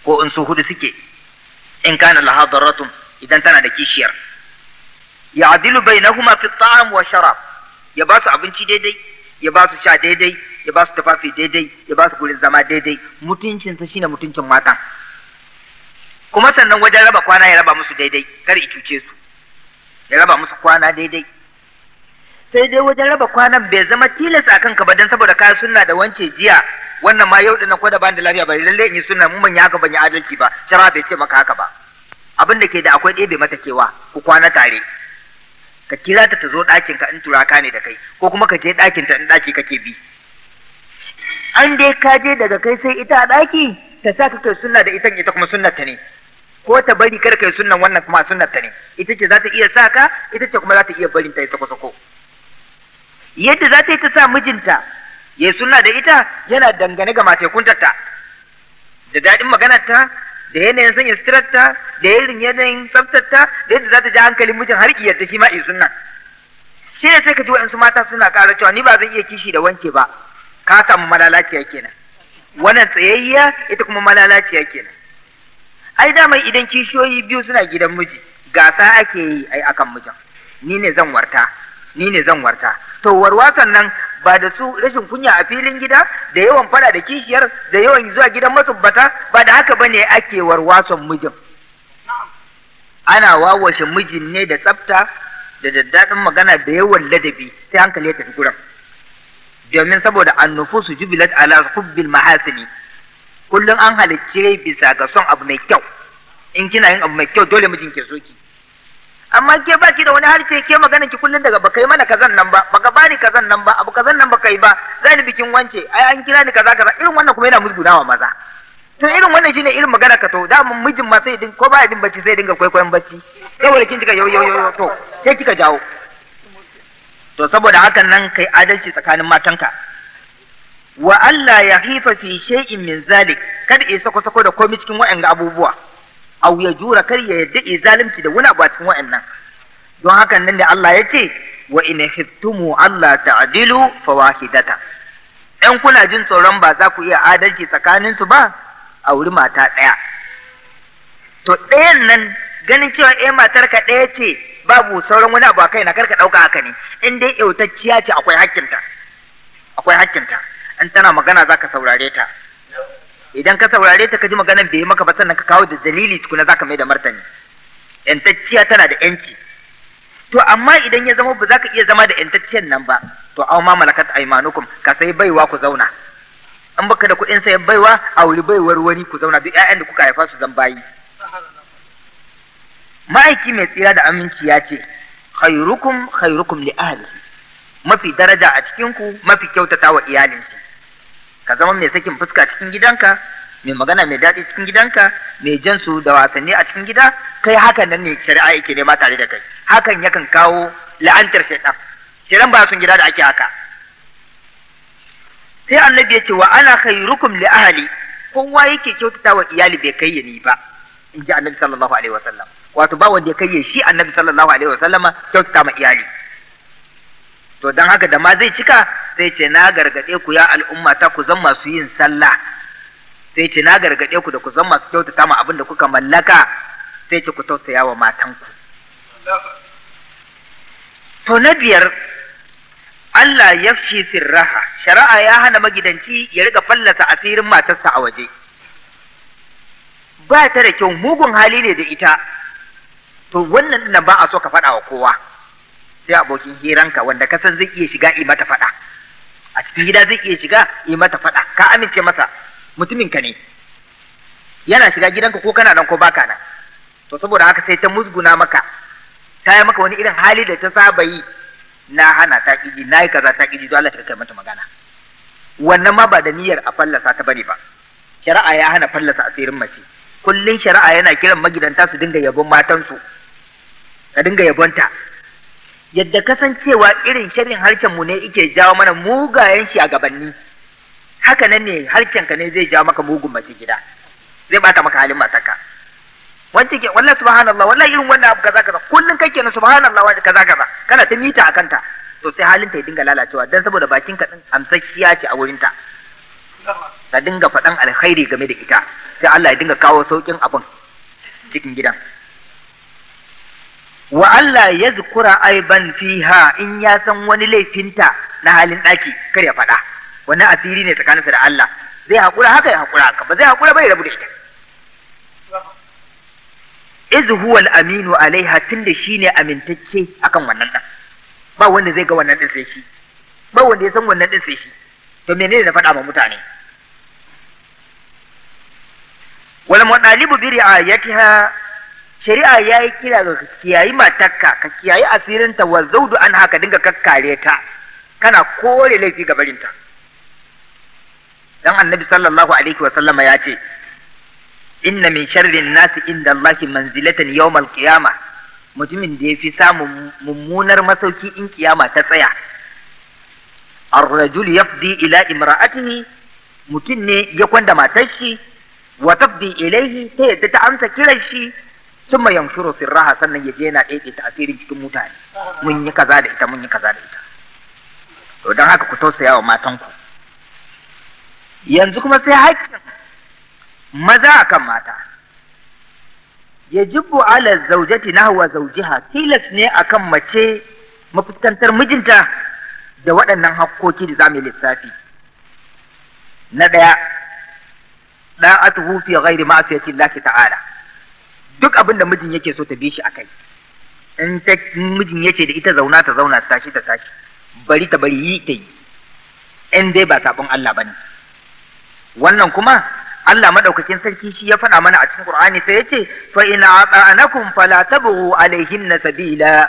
ko in su hudu suke in kana laha darratun idan tana da kishiyar ya adilu bainahuma fi ta'am wa sharab ya ba su abinci daidai ya ba su sha daidai ya ba su tufafi daidai ya ba su gurin zama daidai mutuncinsa shine mutuncin matan kuma sannan wajen raba kwana ya raba musu daidai kar i cuce su ya raba musu kwana daidai sai dai wajen raba kwanan bai zama tilas a kanka ba don saboda kaya suna da wance jiya wannan ma yau dinnan ko da bani da lafiya ba lalle in yi sunna mun manya haka ban yi adalci ba shara bai ce maka haka ba abin da ke da akwai ɗebe mata kewa ku kwana tare ka kira ta ta zo ɗakin ka in turaka ne da kai ko kuma ka je ɗakin ta in ɗaki kake bi an dai ka je daga kai sai ita a ɗaki ta sa ka kai sunna da ita ita kuma sunnar ne ko ta bari kar kai sunnan wannan kuma sunnar ne ita ce za ta iya sa ka ita ce kuma za ta iya barin ta ita kusa ko yadda za ta yi ta sa mijinta ya sunna da ita yana dangane ga matekuntarta da daɗin maganarta da yanayin sanya sitirarta da irin yanayin tsaftarta da yadda za ta ji hankalin mijin har iyarta shi ma sunna shi ne sai ka ji waɗansu mata suna ƙara cewa ni ba zan iya kishi da wanke ba ka samu malalaciya kenan wannan tsayayya ita kuma malalaciya kenan ai dama idan kishiyoyi biyu suna gidan miji gasa ake yi ai akan mijin ni ne zan warta ni ne zan warta to warwasan nan ba da su rashin kunya a filin gida da yawan fada da kishiyar da yawan zuwa gidan masubbata ba da haka bane ake warwason mijin ana wawashe mijin ne da tsafta da daddaɗin magana da yawan ladabi sai hankali ya tafi gurin domin saboda annufusu jubilat ala hubbil mahasini kullum an halicce bisa ga son abu mai kyau in kina yin abu mai kyau dole mijin ke soki amma ke ba ki da wani harshe ke magana ki kullun daga baka yi mana kazan nan ba baka bani kazan nan ba abu kazan nan baka yi ba zani bikin wance ai an kira ni kaza kaza irin wannan kuma yana musgunawa maza to irin wannan shine irin magana ka to da mun mijin ma sai din ko ba din bacci sai dinga kwaikwayon bacci saboda kin jika yau yau yau to sai kika jawo to saboda hakan nan kai adalci tsakanin matanka wa Allah ya hifafi fi shay'in min zalik kada isa sako-sako da komai cikin wa'anga abubuwa aw ya jura kar ya yadda i zalunci da wani abu a cikin wa'annan don hakan nan ne Allah ya ce wa in khiftumu Allah ta'dilu fawahidata in kuna jin tsoron ba za ku iya adalci tsakanin su ba a wuri mata ɗaya to ɗayan nan ganin cewa eh matar ka ɗaya ce babu sauran wani abu a kai na karka ɗauka haka ne in dai yautacciya ce akwai hakkinta akwai hakkinta in tana magana za ka saurare ta idan ka saurare ta ka ji maganar da yi maka ba sannan ka kawo da dalili tukuna za ka mai da martani yantacciya tana da yanci to amma idan ya zama ba za ka iya zama da yantacciyar nan ba to au ma malakat aimanukum ka sai baiwa ku zauna in baka da kuɗin sayan baiwa a wuri baiwar wani ku zauna duk ƴaƴan da kuka haifa su zan bayi ma'aiki mai tsira da aminci ya ce khairukum khairukum li ahlihi mafi daraja a cikin ku mafi kyautata wa iyalinsu ka zama mai sakin fuska cikin gidanka mai magana mai daɗi cikin gidanka mai jan su da wasanni a cikin gida kai hakan nan ne shari'a yake nema tare da kai hakan yakan kawo la'antar shaitan shirin ba sun gida da ake haka sai annabi ya ce wa ana khairukum li ahli kowa yake kyautata wa iyali bai kai ni ba in ji annabi sallallahu alaihi wasallam wato ba wanda ya kai shi annabi sallallahu alaihi sallama kyautata ma iyali to don haka da ma zai cika sai ce na gargaɗe ku ya al'umma ta ku zan masu yin sallah sai ce na gargaɗe ku da ku zan masu kyautata ma abin da kuka mallaka sai ce ku tausaya wa matanku to na biyar Allah ya fi sirraha shari'a ya hana magidanci ya riga fallasa asirin matarsa a waje ba ta da kyau mugun hali ne da ita to wannan ɗin ba a so ka faɗa wa kowa sai abokin hiranka wanda ka san zai iya shiga yi mata faɗa a cikin gida zai iya shiga yi mata faɗa ka amince masa mutumin ka ne yana shiga gidanka ko kana nan ko baka nan to saboda haka sai ta musguna maka ta yi maka wani irin hali da ta saba yi na hana ta kiji na yi kaza ta kiji to Allah ta kai mata magana wannan ma ba da niyyar a fallasa ta bane ba shari'a ya hana fallasa asirin mace kullum shari'a yana kiran magidanta su dinga yabon matansu ka dinga yabonta yadda kasancewa irin shirin harshen mu ne ike jawo mana mugayen shi a gabanni haka nan ne harshen ka ne zai jawo maka mugun mace gida zai bata maka halin matarka wancan ke wallahi subhanallah wallahi irin wannan abu kaza kaza kullun kake na subhanallah wani kaza kaza kana ta mita a kanta to sai halin ta ya dinga lalacewa dan saboda bakin ka din amsasshiya ce a wurin ta ka dinga faɗan alkhairi game da ita sai Allah ya dinga kawo saukin abin cikin gidan wa Allah ya zukura aiban fiha in ya san wani laifinta na halin ɗaki kar ya faɗa wannan asiri ne tsakaninsa da Allah zai haƙura haka ya haƙura haka ba zai haƙura ba ya rabu da ita iz huwa al-aminu alaiha tunda shine amintacce akan wannan ɗan ba wanda zai ga wannan ɗin sai shi ba wanda ya san wannan ɗin sai shi to menene na faɗa ma mutane wal mudalibu bi ri'ayatiha shari'a ya yi kira ga ka kiyayi matarka ka kiyayi asirinta wa zaudu an haka dinga kakkare ta kana kore laifi ga barinta dan annabi sallallahu alaihi wa sallama ya ce inna min sharrin nasi inda Allahi manzilatan yawmal qiyama mutumin da yafi samun mummunar masauki in kiyama ta tsaya ar-rajul yafdi ila imra'atihi mutum ne ya kwanda matar shi wa tafdi ilaihi ta yadda ta amsa kiran shi summa yanshuru sirraha sannan ya je yana ɗaiɗe ta asirin cikin mutane mun yi kaza da ita mun yi kaza da ita to don haka ku tausaya wa matanku yanzu kuma sai haƙƙin maza a kan mata yajibu ala zaujati zauje ha tilas ne a kan mace mafuskantar mijinta da waɗannan hakkoki da za mu lissafi na ɗaya ɗan atuhu fi ghairi ma'siyati Allah ta'ala duk abin da mijin yake so ta bi shi akai in ta mijin yace da ita zauna ta zauna ta tashi ta tashi bari ta bari yi ta yi in dai ba sabon Allah bane wannan kuma Allah madaukakin sarki shi ya faɗa mana a cikin Qur'ani sai yace fa in ata'anakum fala tabghu na sabila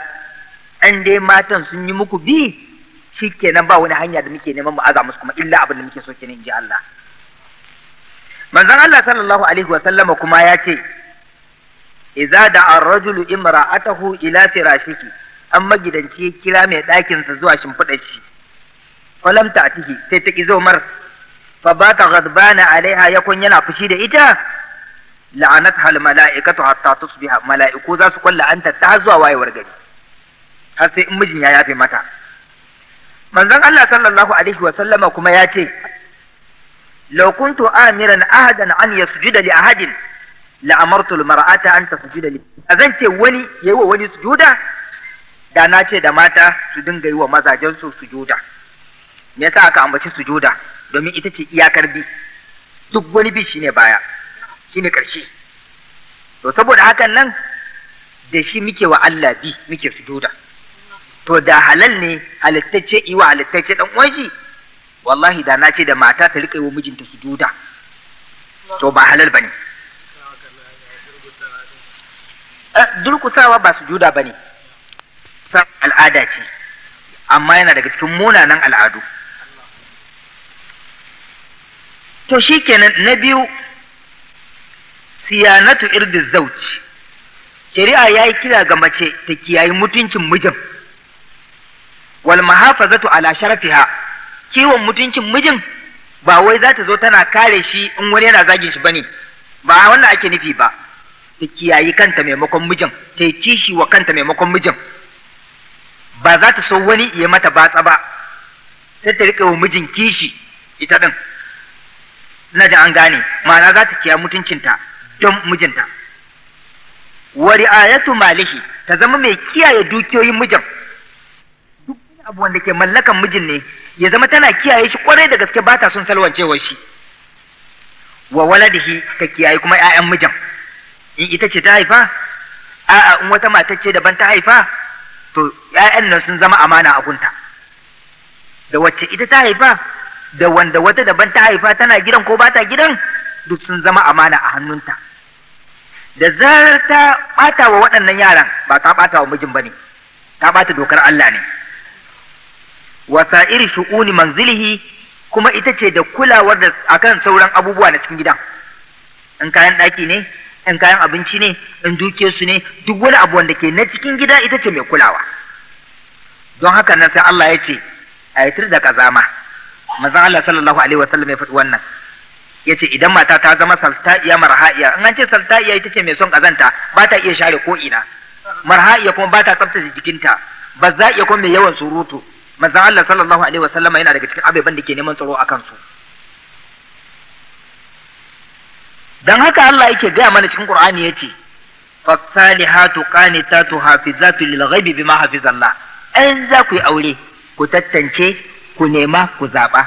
in dai matan sun yi muku bi shikenan ba wani hanya da muke neman mu aza musu kuma illa abin da muke so kenan inji Allah manzon Allah sallallahu alaihi wa sallama kuma yace. Iza da ar-rajulu imra'atahu ila firashihi an magidanci ya kira mai ɗakinsa zuwa shimfiɗar shi falam a tihi sai ta kizo mar fa ba ta ghadbana alaiha yakun yana fushi da ita la'anat hal mala'ikatu hatta tusbiha mala'iku za su kulla anta ta zuwa wayewar gari har sai in mijin ya yafe mata manzon Allah sallallahu alaihi wa sallama kuma ya ce law kuntu amiran ahadan an yasjuda li ahadin la'amartul mar'ata an tasjuda li zan ce wani yayi wa wani sujuda da na ce da mata su dinga yi wa mazajen su sujuda me yasa aka ambaci sujuda domin ita ce iyakar bi duk wani bi shine baya shine karshe to saboda hakan nan da shi muke wa Allah bi muke sujuda to da halal ne halittacce iwa halittacce dan uwan shi wallahi da na ce da mata ta rika yi wa mijinta sujuda to ba halal bane Eh, durkusawa ba sujuda bane al'ada ce amma yana daga cikin munanan al'adu to shi kenan na biyu siyanatu irdi zauci shari'a ya yi kira ga mace ta kiyayi mutuncin mijin wal mahafazatu ala sharafiha kiwon mutuncin mijin ba wai za ta zo tana kare shi in wani yana zagin shi bane ba wannan ake nufi ba ta kiyayi kanta maimakon mijin ta yi kishi wa kanta maimakon mijin ba za ta so wani ya mata batsa ba sai ta riƙe wa mijin kishi ita ɗin na da an gane ma'ana za ta kiya mutuncinta don mijinta wa ayatu malihi ta zama mai kiyaye dukiyoyin mijin duk wani abu wanda ke mallakan mijin ne ya zama tana kiyaye shi kwarai da gaske ba ta son salwancewar shi wa waladihi ta kiyaye kuma 'ya'yan mijin in ita ce ta haifa a'a in wata mata ce daban ta haifa to ya'yan nan sun zama amana a gunta da wacce ita ta haifa da wanda wata daban ta haifa tana gidan ko bata gidan duk sun zama amana a hannunta da zarar ta ɓata wa waɗannan yaran ba ta ɓata wa mijin bane ta ɓata dokar Allah ne wasa'ir shu'uni manzilihi kuma ita ce da kulawar da akan sauran abubuwa na cikin gidan in kayan ɗaki ne in kayan abinci ne in su ne duk wani abu wanda ke na cikin gida ita ce mai kulawa don haka nan sai Allah ya ce a yi da kazama Maza Allah sallallahu alaihi wasallam ya faɗi wannan ya ce idan mata ta zama salta'iya marha'iya in an ce salta'iya ita ce mai son ƙazanta ba ta iya share ko ina marha'iya kuma ba ta tsaftace jikinta ba za iya kuma mai yawan surutu Maza Allah sallallahu alaihi wasallam yana daga cikin abubuwan da ke neman tsaro a kansu dan haka Allah yake gaya mana cikin Qur'ani yace fasalihatu qanitatu hafizatu lil ghaibi bima hafizallah an za ku yi aure ku tattance ku nema ku zaba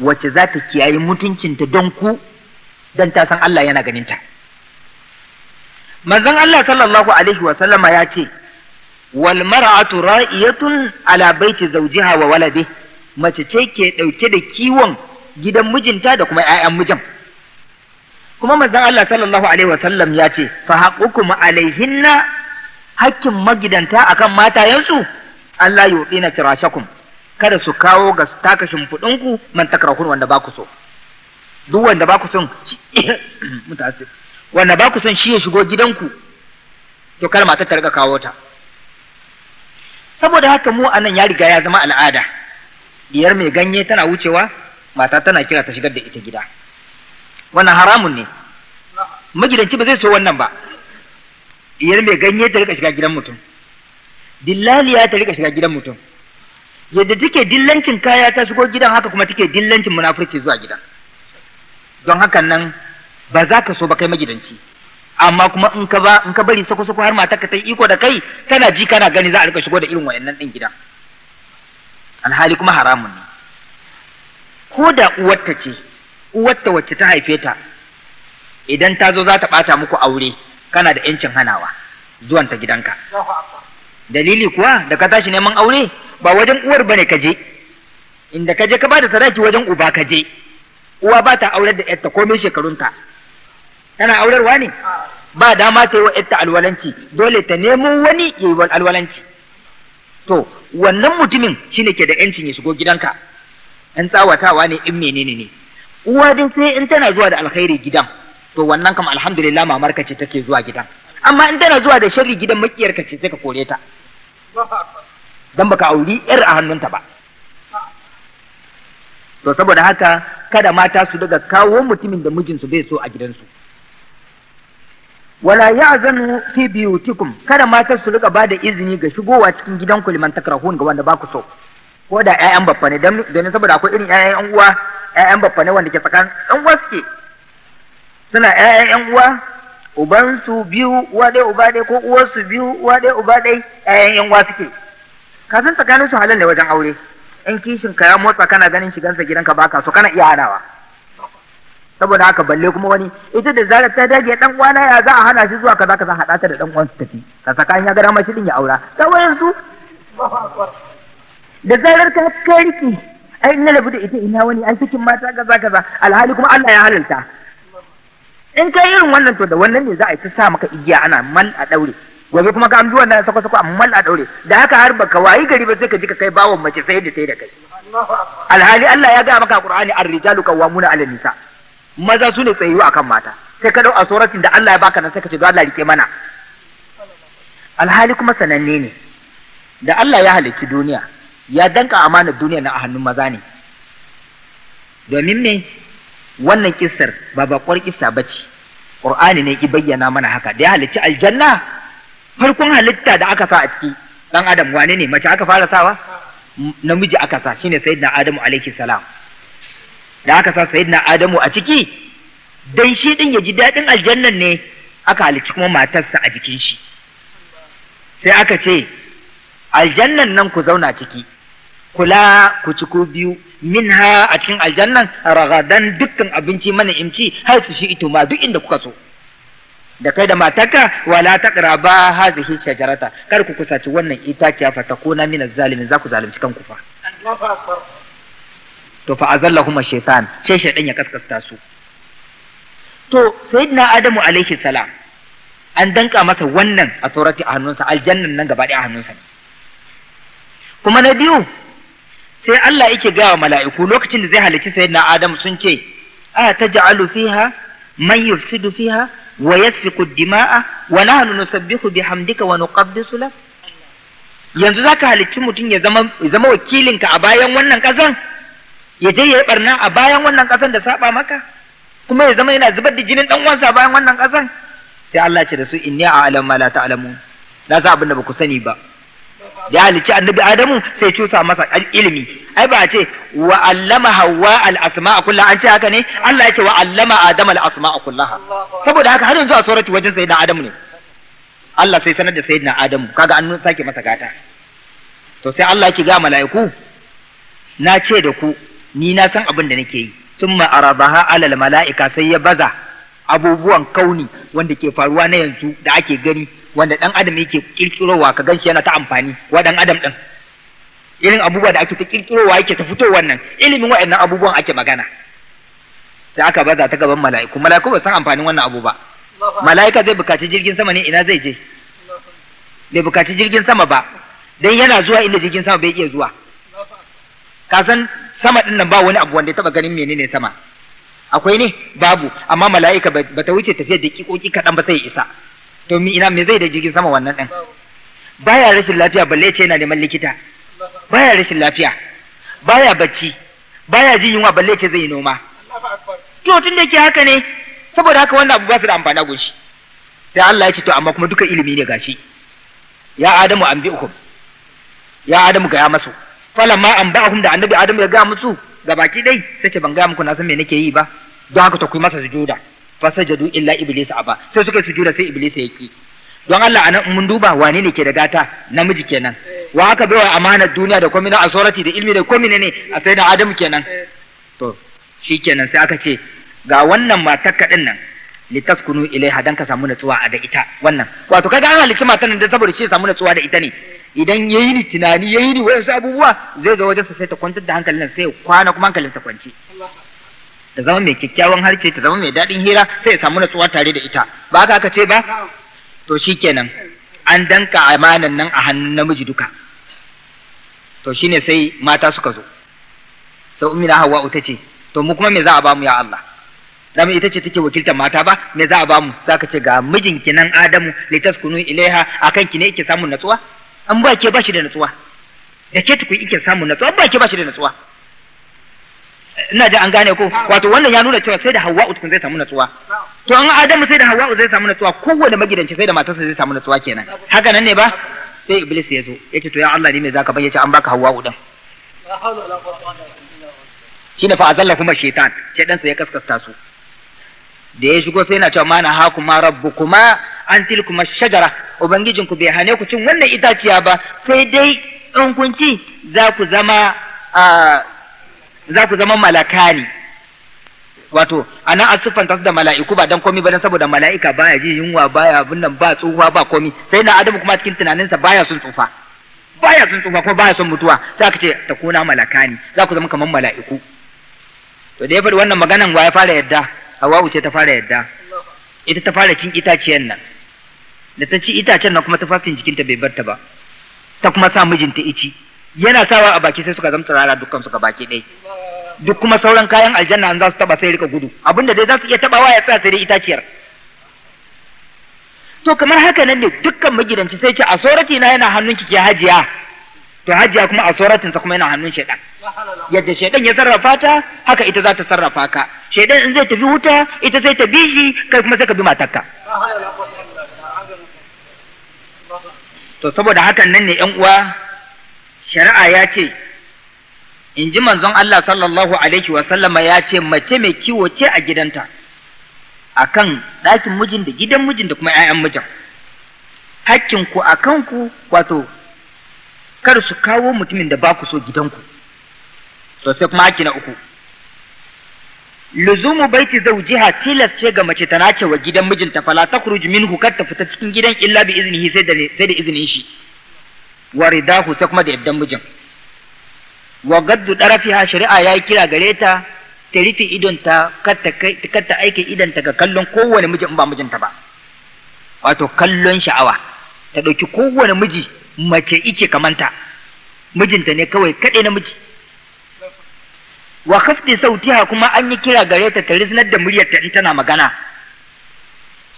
wacce za ta kiyaye mutuncinta don ku dan ta san Allah yana ganinta manzon Allah sallallahu alaihi wa sallama ya ce wal mar'atu ra'iyatun ala baiti zawjiha wa waladihi mace ce ke dauke da kiwon gidan mijinta da kuma 'ya'yan mijin kuma manzon Allah sallallahu alaihi wasallam ya ce fa haqqukum alaihinna hakkin magidanta akan matayensu Allah yudina tirashakum kada su kawo ga taka ku man takrahun wanda ba ku so duk wanda ba ku son wanda ba ku son shi ya shigo gidanku to kar mata ta riga kawo ta saboda haka mu anan ya riga ya zama al'ada diyar mai ganye tana wucewa mata tana kira ta shigar da ita gida wannan haramun ne magidanci ba zai so wannan ba iyar mai ganye ta rika shiga gidan mutum dillaliya ta rika shiga gidan mutum yadda take dillancin kaya ta shigo gidan haka kuma take dillancin munafurci zuwa gidan don hakan nan ba za ka so ba kai magidanci amma kuma in ka ba in ka bari sako sako har ka ta yi iko da kai kana ji kana gani za a rika shigo da irin wayannan din gidan. alhali kuma haramun ne ko da uwarta ce uwarta wacce ta haife ta idan ta zo za ta ɓata muku aure kana da ‘yancin hanawa zuwan ta gidanka. Dalili kuwa da ka tashi neman aure ba wajen uwar bane ka je, inda ka je ka bada sadaki wajen uba ka je, uwa ba ta aurar da ‘yarta komai shekarunta. Tana aurarwa ne? Ba dama ta yi wa ‘yarta alwalanci, dole ta nemo wani ya yi alwalanci. To, wannan mutumin shi ne ke da ‘yancin ya shigo gidanka, ‘yan tsawatawa ne in menene ne. uwa din sai in tana zuwa da alkhairi gidan to wannan kam alhamdulillah mamar ka ce take zuwa gidan amma in tana zuwa da sharri gidan makiyar ka ce sai ka kore ta dan baka auri yar a hannunta ba to saboda haka kada mata su daga kawo mutumin da mijinsu bai so a gidansu wala ya'zanu fi biyutikum kada mata su riga bada izini ga shigowa cikin gidanku liman takrahun ga wanda ba ku so ko da ƴaƴan baffa ne don saboda akwai irin ƴaƴan ƴan uwa ƴaƴan baffa ne wanda ke tsakanin ƴan uwa suke suna ƴaƴan ƴan uwa uban su biyu uwa ɗaya uba ɗaya ko uwar su biyu uwa ɗaya uba ɗaya ƴaƴan ƴan uwa suke ka san tsakanin su halal ne wajen aure in kishin ka ya motsa kana ganin shigansa gidanka baka so kana iya hanawa saboda haka balle kuma wani ita da zarar ta dage dan uwana ya za a hana shi zuwa kaza kaza hada ta da dan uwan su tafi ka saka ya ga dama shi din ya aura ta wayan su da zarar ka karki ai na rabu da ita ina wani ai cikin mata gaza gaza alhali kuma Allah ya halalta in kai irin wannan to da wannan ne za a yi ta sa maka igiya ana mal a daure gobe kuma ka amji wannan sako sako amma mal a daure da haka har baka wayi gari ba sai ka ji ka kai bawon mace sai da sai da kai alhali Allah ya ga maka a Qur'ani ar-rijalu qawwamuna 'ala nisa maza su ne tsayuwa akan mata sai ka dau a suratin da Allah ya baka nan sai ka ce Allah rike mana alhali kuma sananne ne da Allah ya halicci duniya ya danka amanar duniya na a hannun maza ne domin me wannan kissar ba bakwar kissa ba ce ƙur'ani ne ki bayyana mana haka da ya halicci aljanna farkon halitta da aka sa a ciki ɗan adam wane ne mace aka fara sawa namiji aka sa shine sayyidina adamu alaihi salam da aka sa sayyidina adamu a ciki dan shi din ya ji daɗin aljannan ne aka halicci kuma matarsa a jikin shi sai aka ce aljannan nan ku zauna ciki kula ku ci ko biyu ha a cikin aljannan ragadan dukkan abinci mana imci har su shi ito ma duk inda kuka so da kai da matarka wala taqraba hadhihi shajarata kar ku kusaci wannan itaciya fa takuna min zalimin za ku zalunci kanku fa to fa azallahum ash-shaytan sai shaytan ya kaskasta su to sayyidina adamu alaihi salam an danka masa wannan a a hannunsa aljannan nan gaba a hannunsa ne kuma na biyu sai Allah yake gawa mala'iku lokacin da zai halarci sayyidina Adam sun ce a taj'alu fiha man yufsidu fiha wa yasfiku dima'a wa nahnu nusabbihu hamdika wa nuqaddisu lak yanzu zaka halicci mutum ya zama zama wakilinka a bayan wannan kasan ya je ya yi barna a bayan wannan kasan da saba maka kuma ya zama yana zubar da jinin dan uwansa a bayan wannan kasan sai Allah ce da su inni a'lamu ma la ta'lamun na abin da ba ku sani ba Ya halicci annabi adamu sai cusa masa ilimi ai ba ce wa allama hawa al asma'a kullaha an ce haka ne Allah ya ce wa allama adam al asma'a kullaha saboda haka har yanzu a suratu wajen sayyidina adamu ne Allah sai sanar da sayyidina adamu kaga an sake masa gata to sai Allah yake ga mala'iku na ce da ku ni na san abin da nake yi summa arabaha alal mala'ika sai ya baza abubuwan kauni wanda ke faruwa na yanzu da ake gani wanda dan adam yake kirkirowa ka ganshi yana ta amfani wa dan adam din irin abubuwa da ake ta kirkirowa yake ta fito wannan ilimin waɗannan abubuwan ake magana sai aka baza ta gaban mala'iku mala'iku ba san amfanin wannan abu ba mala'ika zai bukaci jirgin sama ne ina zai je bai bukaci jirgin sama ba dan yana zuwa inda jirgin sama bai iya zuwa ka san sama din nan ba wani abu wanda ya taba ganin menene sama akwai ne babu amma mala'ika ba ta wuce tafiyar da kikoki kaɗan ba sai ya isa to ina me zai da jirgin sama wannan ɗan baya rashin lafiya balle ce yana neman likita baya rashin lafiya baya bacci baya jin yunwa balle ce zai yi noma to tun da ke haka ne saboda haka wannan abu basu da amfana gunshi sai Allah ya ce to amma kuma duka ilimi ne gashi ya adamu an bi'ukum ya adamu ga ya masu falamma an ba'ahum da annabi adamu ya ga musu ga baki dai sai ce ban ga muku na san me nake yi ba don haka ta kuyi masa sujuda fasajadu illa iblis aba sai suka sujuda sai iblis ya ki don Allah anan mun duba wane ne ke da gata namiji kenan wa aka bai wa amanar duniya da komai na asorati da ilmi da komai ne a sai da adam kenan to shikenan sai aka ce ga wannan matar kaɗin nan litaskunu ilaiha dan ka samu natsuwa da ita wannan wato kaga an halicci nan da saboda shi samu natsuwa da ita ne idan yayi ni tunani yayi ni wayansu abubuwa zai zo wajen sa sai ta kwantar da hankalin sai kwana kuma hankalin ta kwance ta zama mai kyakkyawan harce ta zama mai daɗin hira sai ya samu natsuwa tare da ita ba ka ce ba to shikenan an danka amanan nan a hannun namiji duka to shine sai mata suka zo sai ummi na hawa ta ce to mu kuma me za a bamu ya Allah dama ita ce take wakiltar mata ba me za a bamu zaka ce ga mijinki nan Adamu litaskunu ilaiha akan ki ne yake samun natsuwa an ba ke ba shi da natsuwa da ke tukun yake samun natsuwa an ba ke ba shi da natsuwa ina ji an gane ko wato wannan ya nuna cewa sai da Hawwa'u tukun zai samu natsuwa to an Adamu sai da Hawwa'u zai samu natsuwa kowanne magidanci sai da matarsa zai samu natsuwa kenan haka nan ne ba sai Iblis ya zo yace to ya Allah ni me zaka bayyace an baka Hawwa'u din shine fa azalla kuma shaitan dan sa ya kaskasta su da ya shigo sai yana cewa mana ma rabbukuma an tilkuma shajara ubangijinku bai hane ku cin wannan itaciya ba sai dai in kun ci za ku zama ah, za ku zama malakani wato ana a siffanta su da mala'iku ba dan komi ba dan saboda mala'ika baya ji yunwa baya abun nan ba tsufa ba komi sai na adamu kuma cikin tunaninsa baya sun tsufa baya sun tsufa kuma baya son mutuwa sai aka ce ta kuna malakani za ku zama kamar mala'iku to da ya faɗi wannan maganan wa ya fara yadda hawa'u ce ta fara yadda ita ta fara cin itaciyar nan da ta ci itacen nan kuma tufafin jikinta bai bar ta ba ta kuma sa mijinta ici yana sawa a baki sai suka zama tsirara dukkan su baki ɗaya duk kuma sauran kayan aljanna an za su taba sai rika gudu abinda dai za su iya tabawa ya tsaya sai dai itaciyar to kamar haka nan ne dukkan magidanci sai ce a sorati na yana hannun ki ke hajiya to hajiya kuma a soratin kuma yana hannun shaidan yadda shaidan ya sarrafa ta haka ita za ta sarrafa ka shaidan in zai tafi wuta ita sai ta bi shi kai kuma sai ka bi matarka to saboda hakan nan ne yan uwa shari'a ya ce in ji manzon Allah sallallahu alaihi sallama ya ce mace mai kiwo ce a gidanta A kan ɗakin mijin da gidan mijin da kuma 'ya'yan mijin hakkinku a kanku wato kar su kawo mutumin da ba ku so gidanku to sai kuma haki na uku luzumu baiti zawjiha tilas ce ga mace ta nace wa gidan mijinta fala takhruj minhu kar ta fita cikin gidan illa bi iznihi sai da sai da izinin shi wa ridahu sai kuma da yaddan mijin wa gaddu darafiha shari'a ya yi kira gare ta ta rufe idonta kar ta aike ta ga kallon kowane miji in ba mijinta ba wato kallon sha'awa ta ɗauki kowane miji mace ice kamanta mijinta ne kawai kaɗai na miji wa kafti sautiha kuma an yi kira gare ta ta da muryarta in tana magana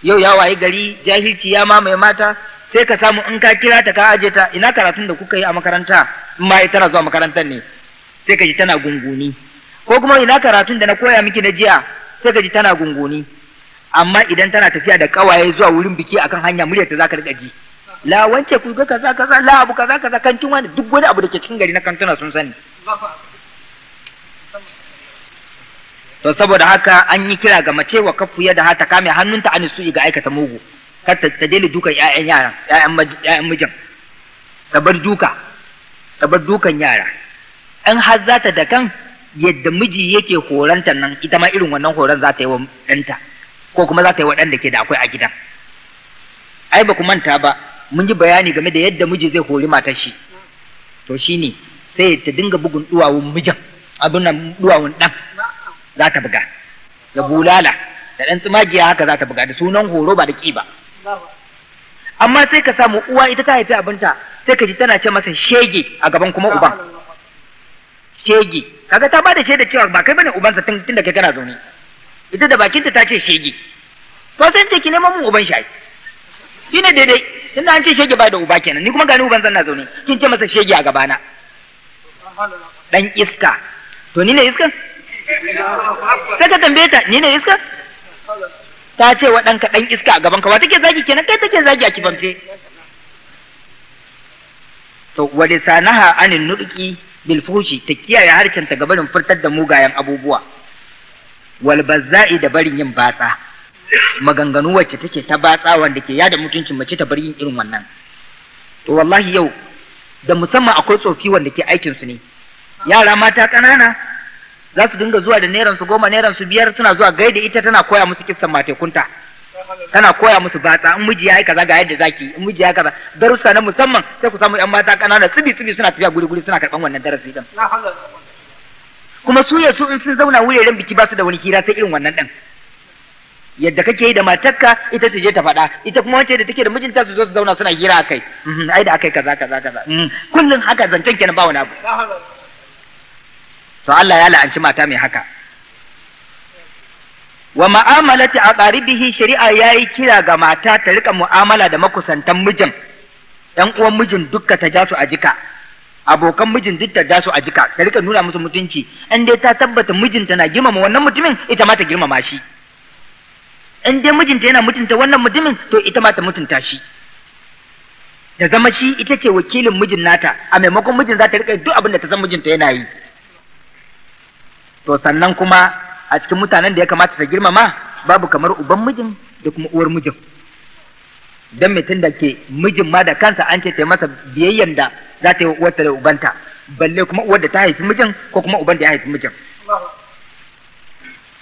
yau ya wayi gari jahilci ya mamaye mata sai ka samu in ka kira ta ka aje ta ina karatun da kuka yi a makaranta in ma tana zuwa makarantar ne sai ka ji tana gunguni ko kuma ina karatun da na koya miki na jiya sai ka ji tana gunguni amma idan tana tafiya da kawaye zuwa wurin biki akan hanya muryar ta zaka rika ji la wance ku ga kaza kaza la abu kaza kaza kantin wani duk wani abu da ke cikin gari na kantuna sun sani to saboda haka an yi kira ga mace wa kafu yadda ta kame hannunta an su ga aikata mugu kata ta daina dukan ƴaƴan yaran ƴaƴan mijin ta bar duka ta bar dukan yara in har za ta da kan yadda miji yake horanta nan ita ma irin wannan horon za ta yi wa ɗanta ko kuma za ta yi wa ɗan da ke da akwai a gidan ai ba ku manta ba mun yi bayani game da yadda miji zai hori matar shi to shine sai ta dinga bugun duwawun mijin abin nan duwawun ɗan za ta buga da bulala da ɗan tsimagiya haka za ta buga da sunan horo ba da ƙi ba amma sai ka samu uwa ita ta haifi abinta sai ka ji tana ce masa shege a gaban kuma uban shege kaga ta bada shaida cewa ba kai bane ubansa tun tun da kai kana zaune ita da bakinta ta ce shege to sai ce ki neman mun uban shi shine daidai tun da an ce shege ba da uba kenan ni kuma gani uban zan na zaune kin ce masa shege a gabana dan iska to ni ne iska sai ka tambaye ta ni ne iska ta ce wa ɗanka ɗan iska a gaban ka ba take zagi kenan kai take zagi a kifamce to wa lisanaha anin nuduki bil ta kiyaye harcen ta gabanin furtar da mugayen abubuwa wal bazza'i da barin yin batsa maganganu wacce take ta batsa wanda ke yada mutuncin mace ta bar yin irin wannan to wallahi yau da musamman akwai tsofi wanda ke aikin su ne yara mata ƙanana za su dinga zuwa da neran su goma neran su biyar suna zuwa gaida ita tana koya musu kissan matekunta tana koya musu batsa in miji ya yi kaza ga yadda zaki in miji ya yi kaza darussa na musamman sai ku samu yan mata kanana tsibi tsibi suna tafiya guri guri suna karban wannan darasi din kuma su ya su in sun zauna wuraren biki ba su da wani kira sai irin wannan din yadda kake yi da matarka ita ta je ta faɗa ita kuma wacce da take da mijinta su zo su zauna suna hira kai mhm, ai da akai kaza kaza kaza mhm, kullun haka zancen kenan ba wani abu to Allah ya la'anci mata mai haka wa ma'amalati a ƙaribihi shari'a ya yi kira ga mata ta riƙa mu'amala da makusantan mijin ‘yan uwan mijin dukka ta ja su a jika abokan mijin duk ta ja su a jika ta riƙa nuna musu mutunci in dai ta tabbata mijinta na girmama wannan mutumin ita ma ta girmama shi in dai mijinta yana mutunta wannan mutumin to ita ma ta mutunta shi ta zama shi ita ce wakilin mijin nata a maimakon mijin za ta riƙa duk abin da ta san mijinta yana yi to sannan kuma a cikin mutanen da ya kamata ta girmama babu kamar uban mijin da kuma uwar mijin dan mutum da ke mijin ma da kansa an ce ta masa biyayyan da za ta yi uwarta da ubanta balle kuma uwar da ta haifi mijin ko kuma uban da ya haifi mijin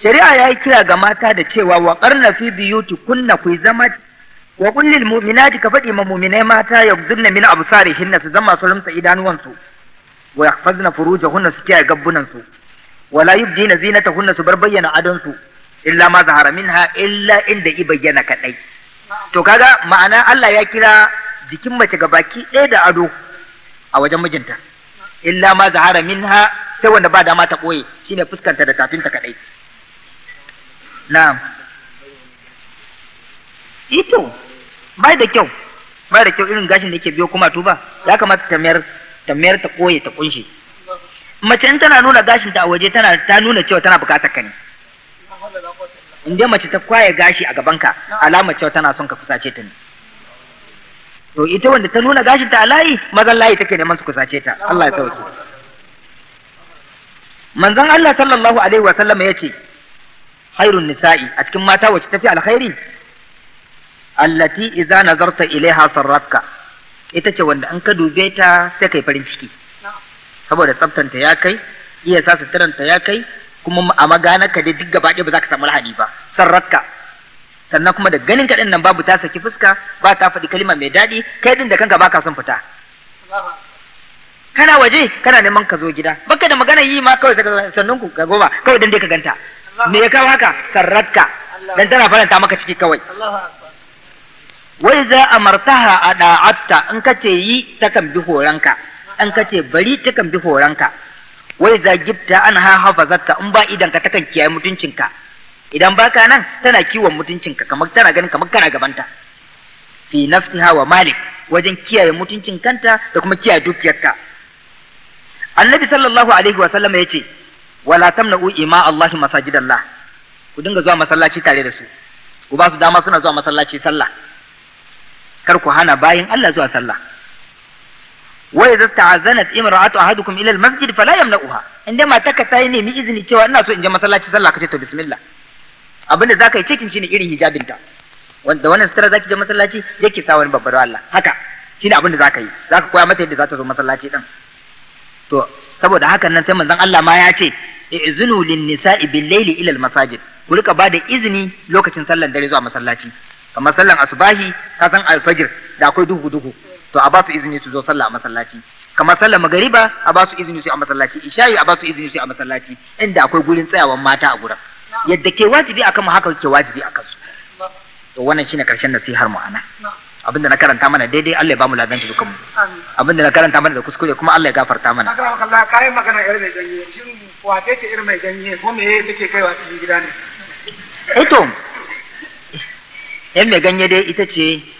shari'a ya yi kira ga mata da cewa wa karna fi biyuti kunna ku zama wa kullil mu'minati ka faɗi ma mu'minai mata ya zunna min hinna su zama su rumsa idanuwansu wa Furuja furujahunna su kiyaye gabbunansu. wala ta zinatahunna su bar bayyana adonsu. su illa ma zahara ha illa inda i bayyana kadai to kaga ma'ana Allah ya kira jikin mace ga baki ɗaya da ado a wajen mijinta illa ma zahara ha sai wanda ba dama ta Shi ne fuskanta da tafinta kadai na'am ito bai da kyau bai da kyau irin gashin da ke biyo kuma tuba ya kamata ta mayar ta koye ta kunshe mace in tana nuna gashinta a waje tana ta nuna cewa tana bukatar ka ne in dai mace ta kwaye gashi a gabanka alamar cewa tana son ka kusace ta ne to ita wanda ta nuna gashinta a layi mazan layi take neman su kusace ta Allah ya sauke manzon Allah sallallahu alaihi wa sallam yace khairun nisa'i a cikin mata wacce tafi alkhairi allati idza nazarta ilaiha sarratka ita ce wanda an ka dube ta sai kai farin ciki saboda tsaftanta ya kai iya sa suturanta ya kai kuma a maganarka dai duk gaba ɗaya ba za ka samu lahani ba sarrakka sannan kuma da ganin ka nan babu ta saki fuska ba ta faɗi kalima mai daɗi kai din da kanka baka son fita kana waje kana neman ka zo gida baka da magana yi ma kawai sannan ku ka goma kawai dan dai ka ganta me ya kawo haka sarrakka dan tana faranta maka ciki kawai wai za amartaha a da'atta in kace yi takan bi horanka an kace bari takan bi horonka wai za gifta an ha hafazarka in ba idan ta takan kiyaye mutuncinka idan baka nan tana kiwon mutuncinka kamar tana ganin kamar kana gabanta fi nafsiha wa malik wajen kiyaye mutuncin kanta da kuma kiyaye dukiyarka annabi sallallahu alaihi wa sallama yace wala tamna'u ima allahi masajidallah ku dinga zuwa masallaci tare da su ku ba su dama suna zuwa masallaci sallah kar ku hana bayin Allah zuwa sallah wa idza ta'azzanat imra'atu ahadukum ila al-masjid fala yamna'uha inda mataka ta yi nemi izini cewa ina so in je masallaci sallah kace to bismillah abinda zaka yi cikin shine irin hijabinta wanda wannan za zaki je masallaci je ki sa wani babbar Allah haka shine abinda zaka yi zaka koya mata yadda za ta zo masallaci din to saboda hakan nan sai manzon Allah ma ya ce izinu lin nisa'i ilal layli ila al masajid ku rika bada izini lokacin sallar dare zuwa masallaci kamar sallan asubahi ka san alfajir da akwai duhu duhu to a ba su izini su zo sallah a masallaci kamar sallar magariba a ba su izini su a masallaci isha'i a ba su izini su a masallaci inda akwai gurin tsayawan mata a gurin yadda ke wajibi akan mu haka ke wajibi akan su to wannan shine karshen nasihar mu ana abinda na karanta mana daidai Allah ya mu ladanta dukan mu abinda na karanta mana da kuskure kuma Allah ya gafarta mana akan Allah kai magana irin mai ganye shin wace ce irin mai ganye ko me take kaiwa cikin gida ne eh to yan mai ganye dai ita ce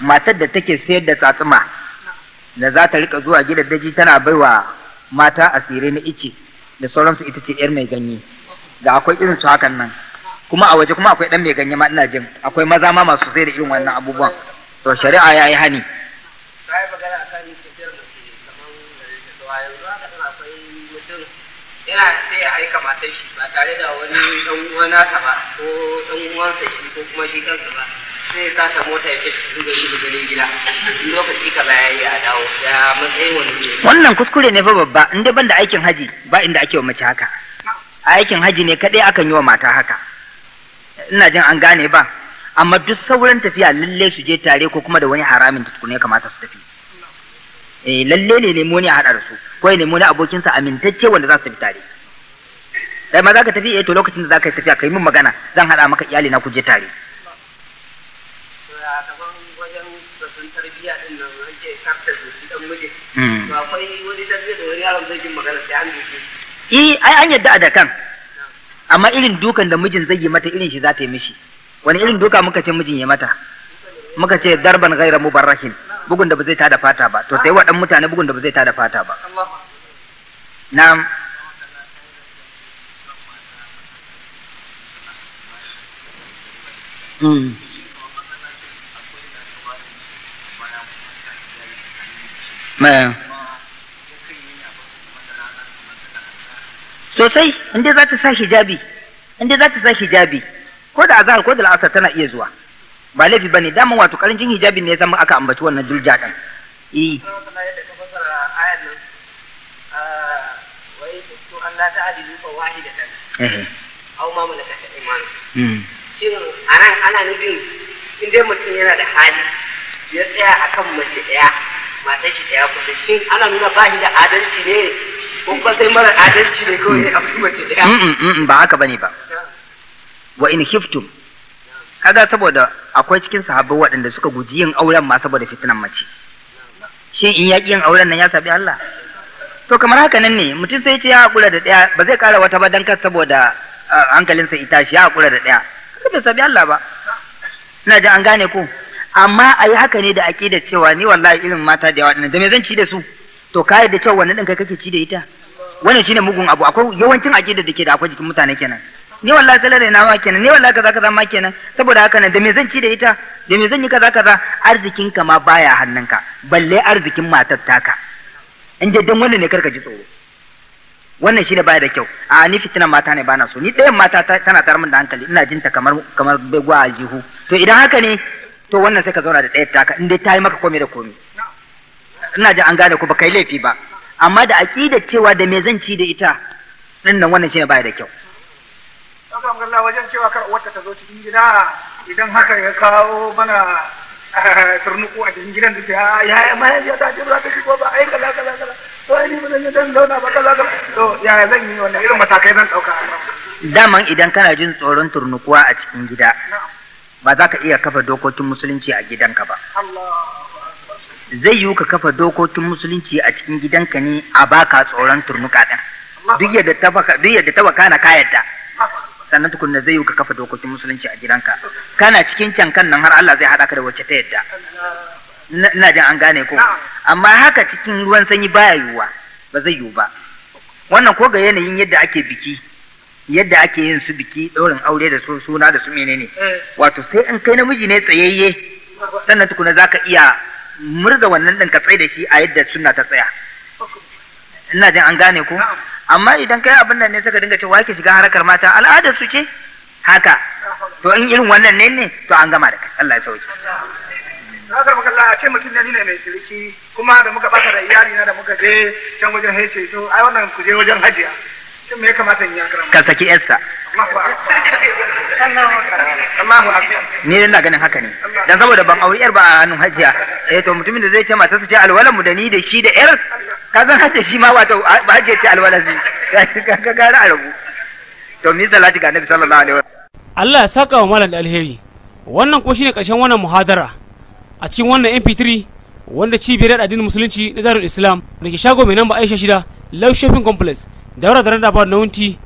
matar da take sayar da tsatsuma da za ta rika zuwa gidan daji tana baiwa mata asirai na ice da sauransu ita ce yar mai ganye da akwai irin su hakan nan kuma a waje kuma akwai dan mai ganye ma ina jin akwai maza ma masu sayar da irin wannan abubuwan to shari'a ya yi hani yana sai ya aika matar shi ba tare da wani ɗan uwa ba ko ɗan uwansa shi ko kuma shi kansa ba sai za sata mota ya ce duka shi ganin gida lokaci kaza ya yi a dawo ya matsayin wani ne wannan kuskure ne fa babba in dai banda aikin haji ba inda ake wa mace haka a aikin haji ne kadai akan yi wa mata haka ina jin an gane ba amma duk sauran tafiya lalle su je tare ko kuma da wani haramin tukune kamata su tafi eh lalle ne nemo ne a hada da su ko ne nemo abokin abokinsa amintacce wanda za su tafi tare sai ma za ka tafi eh to lokacin da za ka yi tafiya ka yi min magana zan hada maka iyali na ku je tare a gaban wajen tarbiyya an ce da hmm. eh, yadda a da kan amma irin dukan da mijin zai yi mata irin shi za ta yi mishi wani irin duka muka ce mijin ya mata muka ce darban gaira mubarrakin bugun da ba zai tada fata ba to sai waɗan mutane bugun da ba zai tada fata ba na'am hmm. ma sosai inda za ta sa hijabi inda za ta sa hijabi ko da azahar ko da la'asar tana iya zuwa ba laifi ba ne, daman wato karancin hijabi ne ya zama aka ambaci wannan dulja din Yi. au ma anan ana nufin in dai mutum yana da hali ya tsaya akan mace ɗaya matan shi ɗaya kuma shin ana nuna ba shi da adalci ne ko kuma sai mara adalci ne kawai ne a mace ɗaya mm, mm, mm, ba haka bane ba wa in khiftum kaga saboda akwai cikin sahabbai waɗanda suka guji yin auren ma saboda fitinan mace shin in yaƙi yin auren nan ya sabi Allah to kamar haka nan ne mutum sai ce ya haƙura da ɗaya ba zai ƙara wata ba don kar saboda ah, hankalinsa ita shi ya haƙura da ɗaya kaga bai sabi Allah ba ina ji an gane ku amma a yi haka ne da da cewa ni wallahi irin mata da yawa ɗin da me zan ci da su to ka yadda cewa wannan ɗin kai kake ci da ita wannan shine mugun abu akwai yawancin aƙidar da ke da akwai jikin mutane kenan ni wallahi sallar na ma kenan ni wallahi kaza kaza ma kenan saboda haka nan da me zan ci da ita da me zan yi kaza kaza arzikin ka ma baya hannunka balle arzikin matar taka in dai dan wannan ne karka ji tsoro wannan shine baya da kyau a ni fitina mata ne bana so ni ɗayan mata tana tarar min da hankali ina jinta kamar kamar bai begwa aljihu to idan haka ne to wannan sai ka zauna da tsayar taka in dai ta yi maka komai da komai ina ji an gane ku ba kai laifi ba amma da aqidar cewa da me zan ci da ita din nan wannan shine baya da kyau Sakan Allah wajen cewa kar uwarta ta zo cikin gida idan haka ya kawo mana eh, turnuku a cikin gidan da ta ya ya ya ta ji ba ta shigo ba ai kala kala kala to ai ni ba zan dan zauna ba kala-kala. to ya zan yi wannan irin matakai zan dauka daman idan kana jin tsoron turnukuwa a cikin gida ba za ka iya kafa dokokin musulunci a gidanka ba zai yiwu ka kafa dokokin musulunci a cikin gidanka ne a baka tsoron turnuka ɗin duk yadda ta wakana ka yadda sannan tukunna zai yiwu ka kafa dokokin musulunci a gidanka kana cikin cankan nan har Allah zai haɗa ka da wacce ta yadda ina jin an gane ko amma haka cikin ruwan sanyi baya yiwuwa ba zai yiwu ba wannan ko ga yanayin yadda ake biki yadda ake yin su biki ɗaurin aure da su suna da su menene eh. wato sai in kai namiji ne tsayayye sannan tukuna za ka iya murza wannan ɗin ka tsaye da shi a yadda suna ta tsaya ina jin an gane ku. amma idan kai abin nan ne suka dinga cewa ke shiga harkar mata al'adar su ce haka to in irin wannan ne ne to an gama da kai Allah ya sauke Nazar maka Allah ce mutum ne ne mai shiriki kuma da muka bata da iyali na da muka je can wajen hece to ai wannan ku je wajen hajiya shin me kamata in ka saki yarsa ni dai na ganin haka ne dan saboda ban auri yar ba a hannun hajiya eh to mutumin da zai ce matarsa ce alwala mu da ni da shi da yar ka san hace shi ma wato ba hajiya ce alwala shi ka gara a rabu to mi salati ga nabi sallallahu alaihi wasallam Allah ya saka wa malam alheri wannan ko shine karshen wannan muhadara a cikin wannan MP3 wanda cibiyar addinin musulunci na Darul Islam da ke shago mai namba Aisha shida Lau Shopping Complex daura da rada na wunti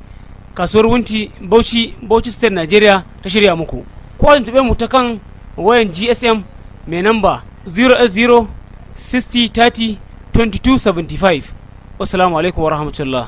kasuwar wunti bauchi bauchi state nigeria ta shirya muku ko an taɓe mu ta kan wayan gsm mai namba 080 60 30 75 assalamu alaikum wa rahmatullah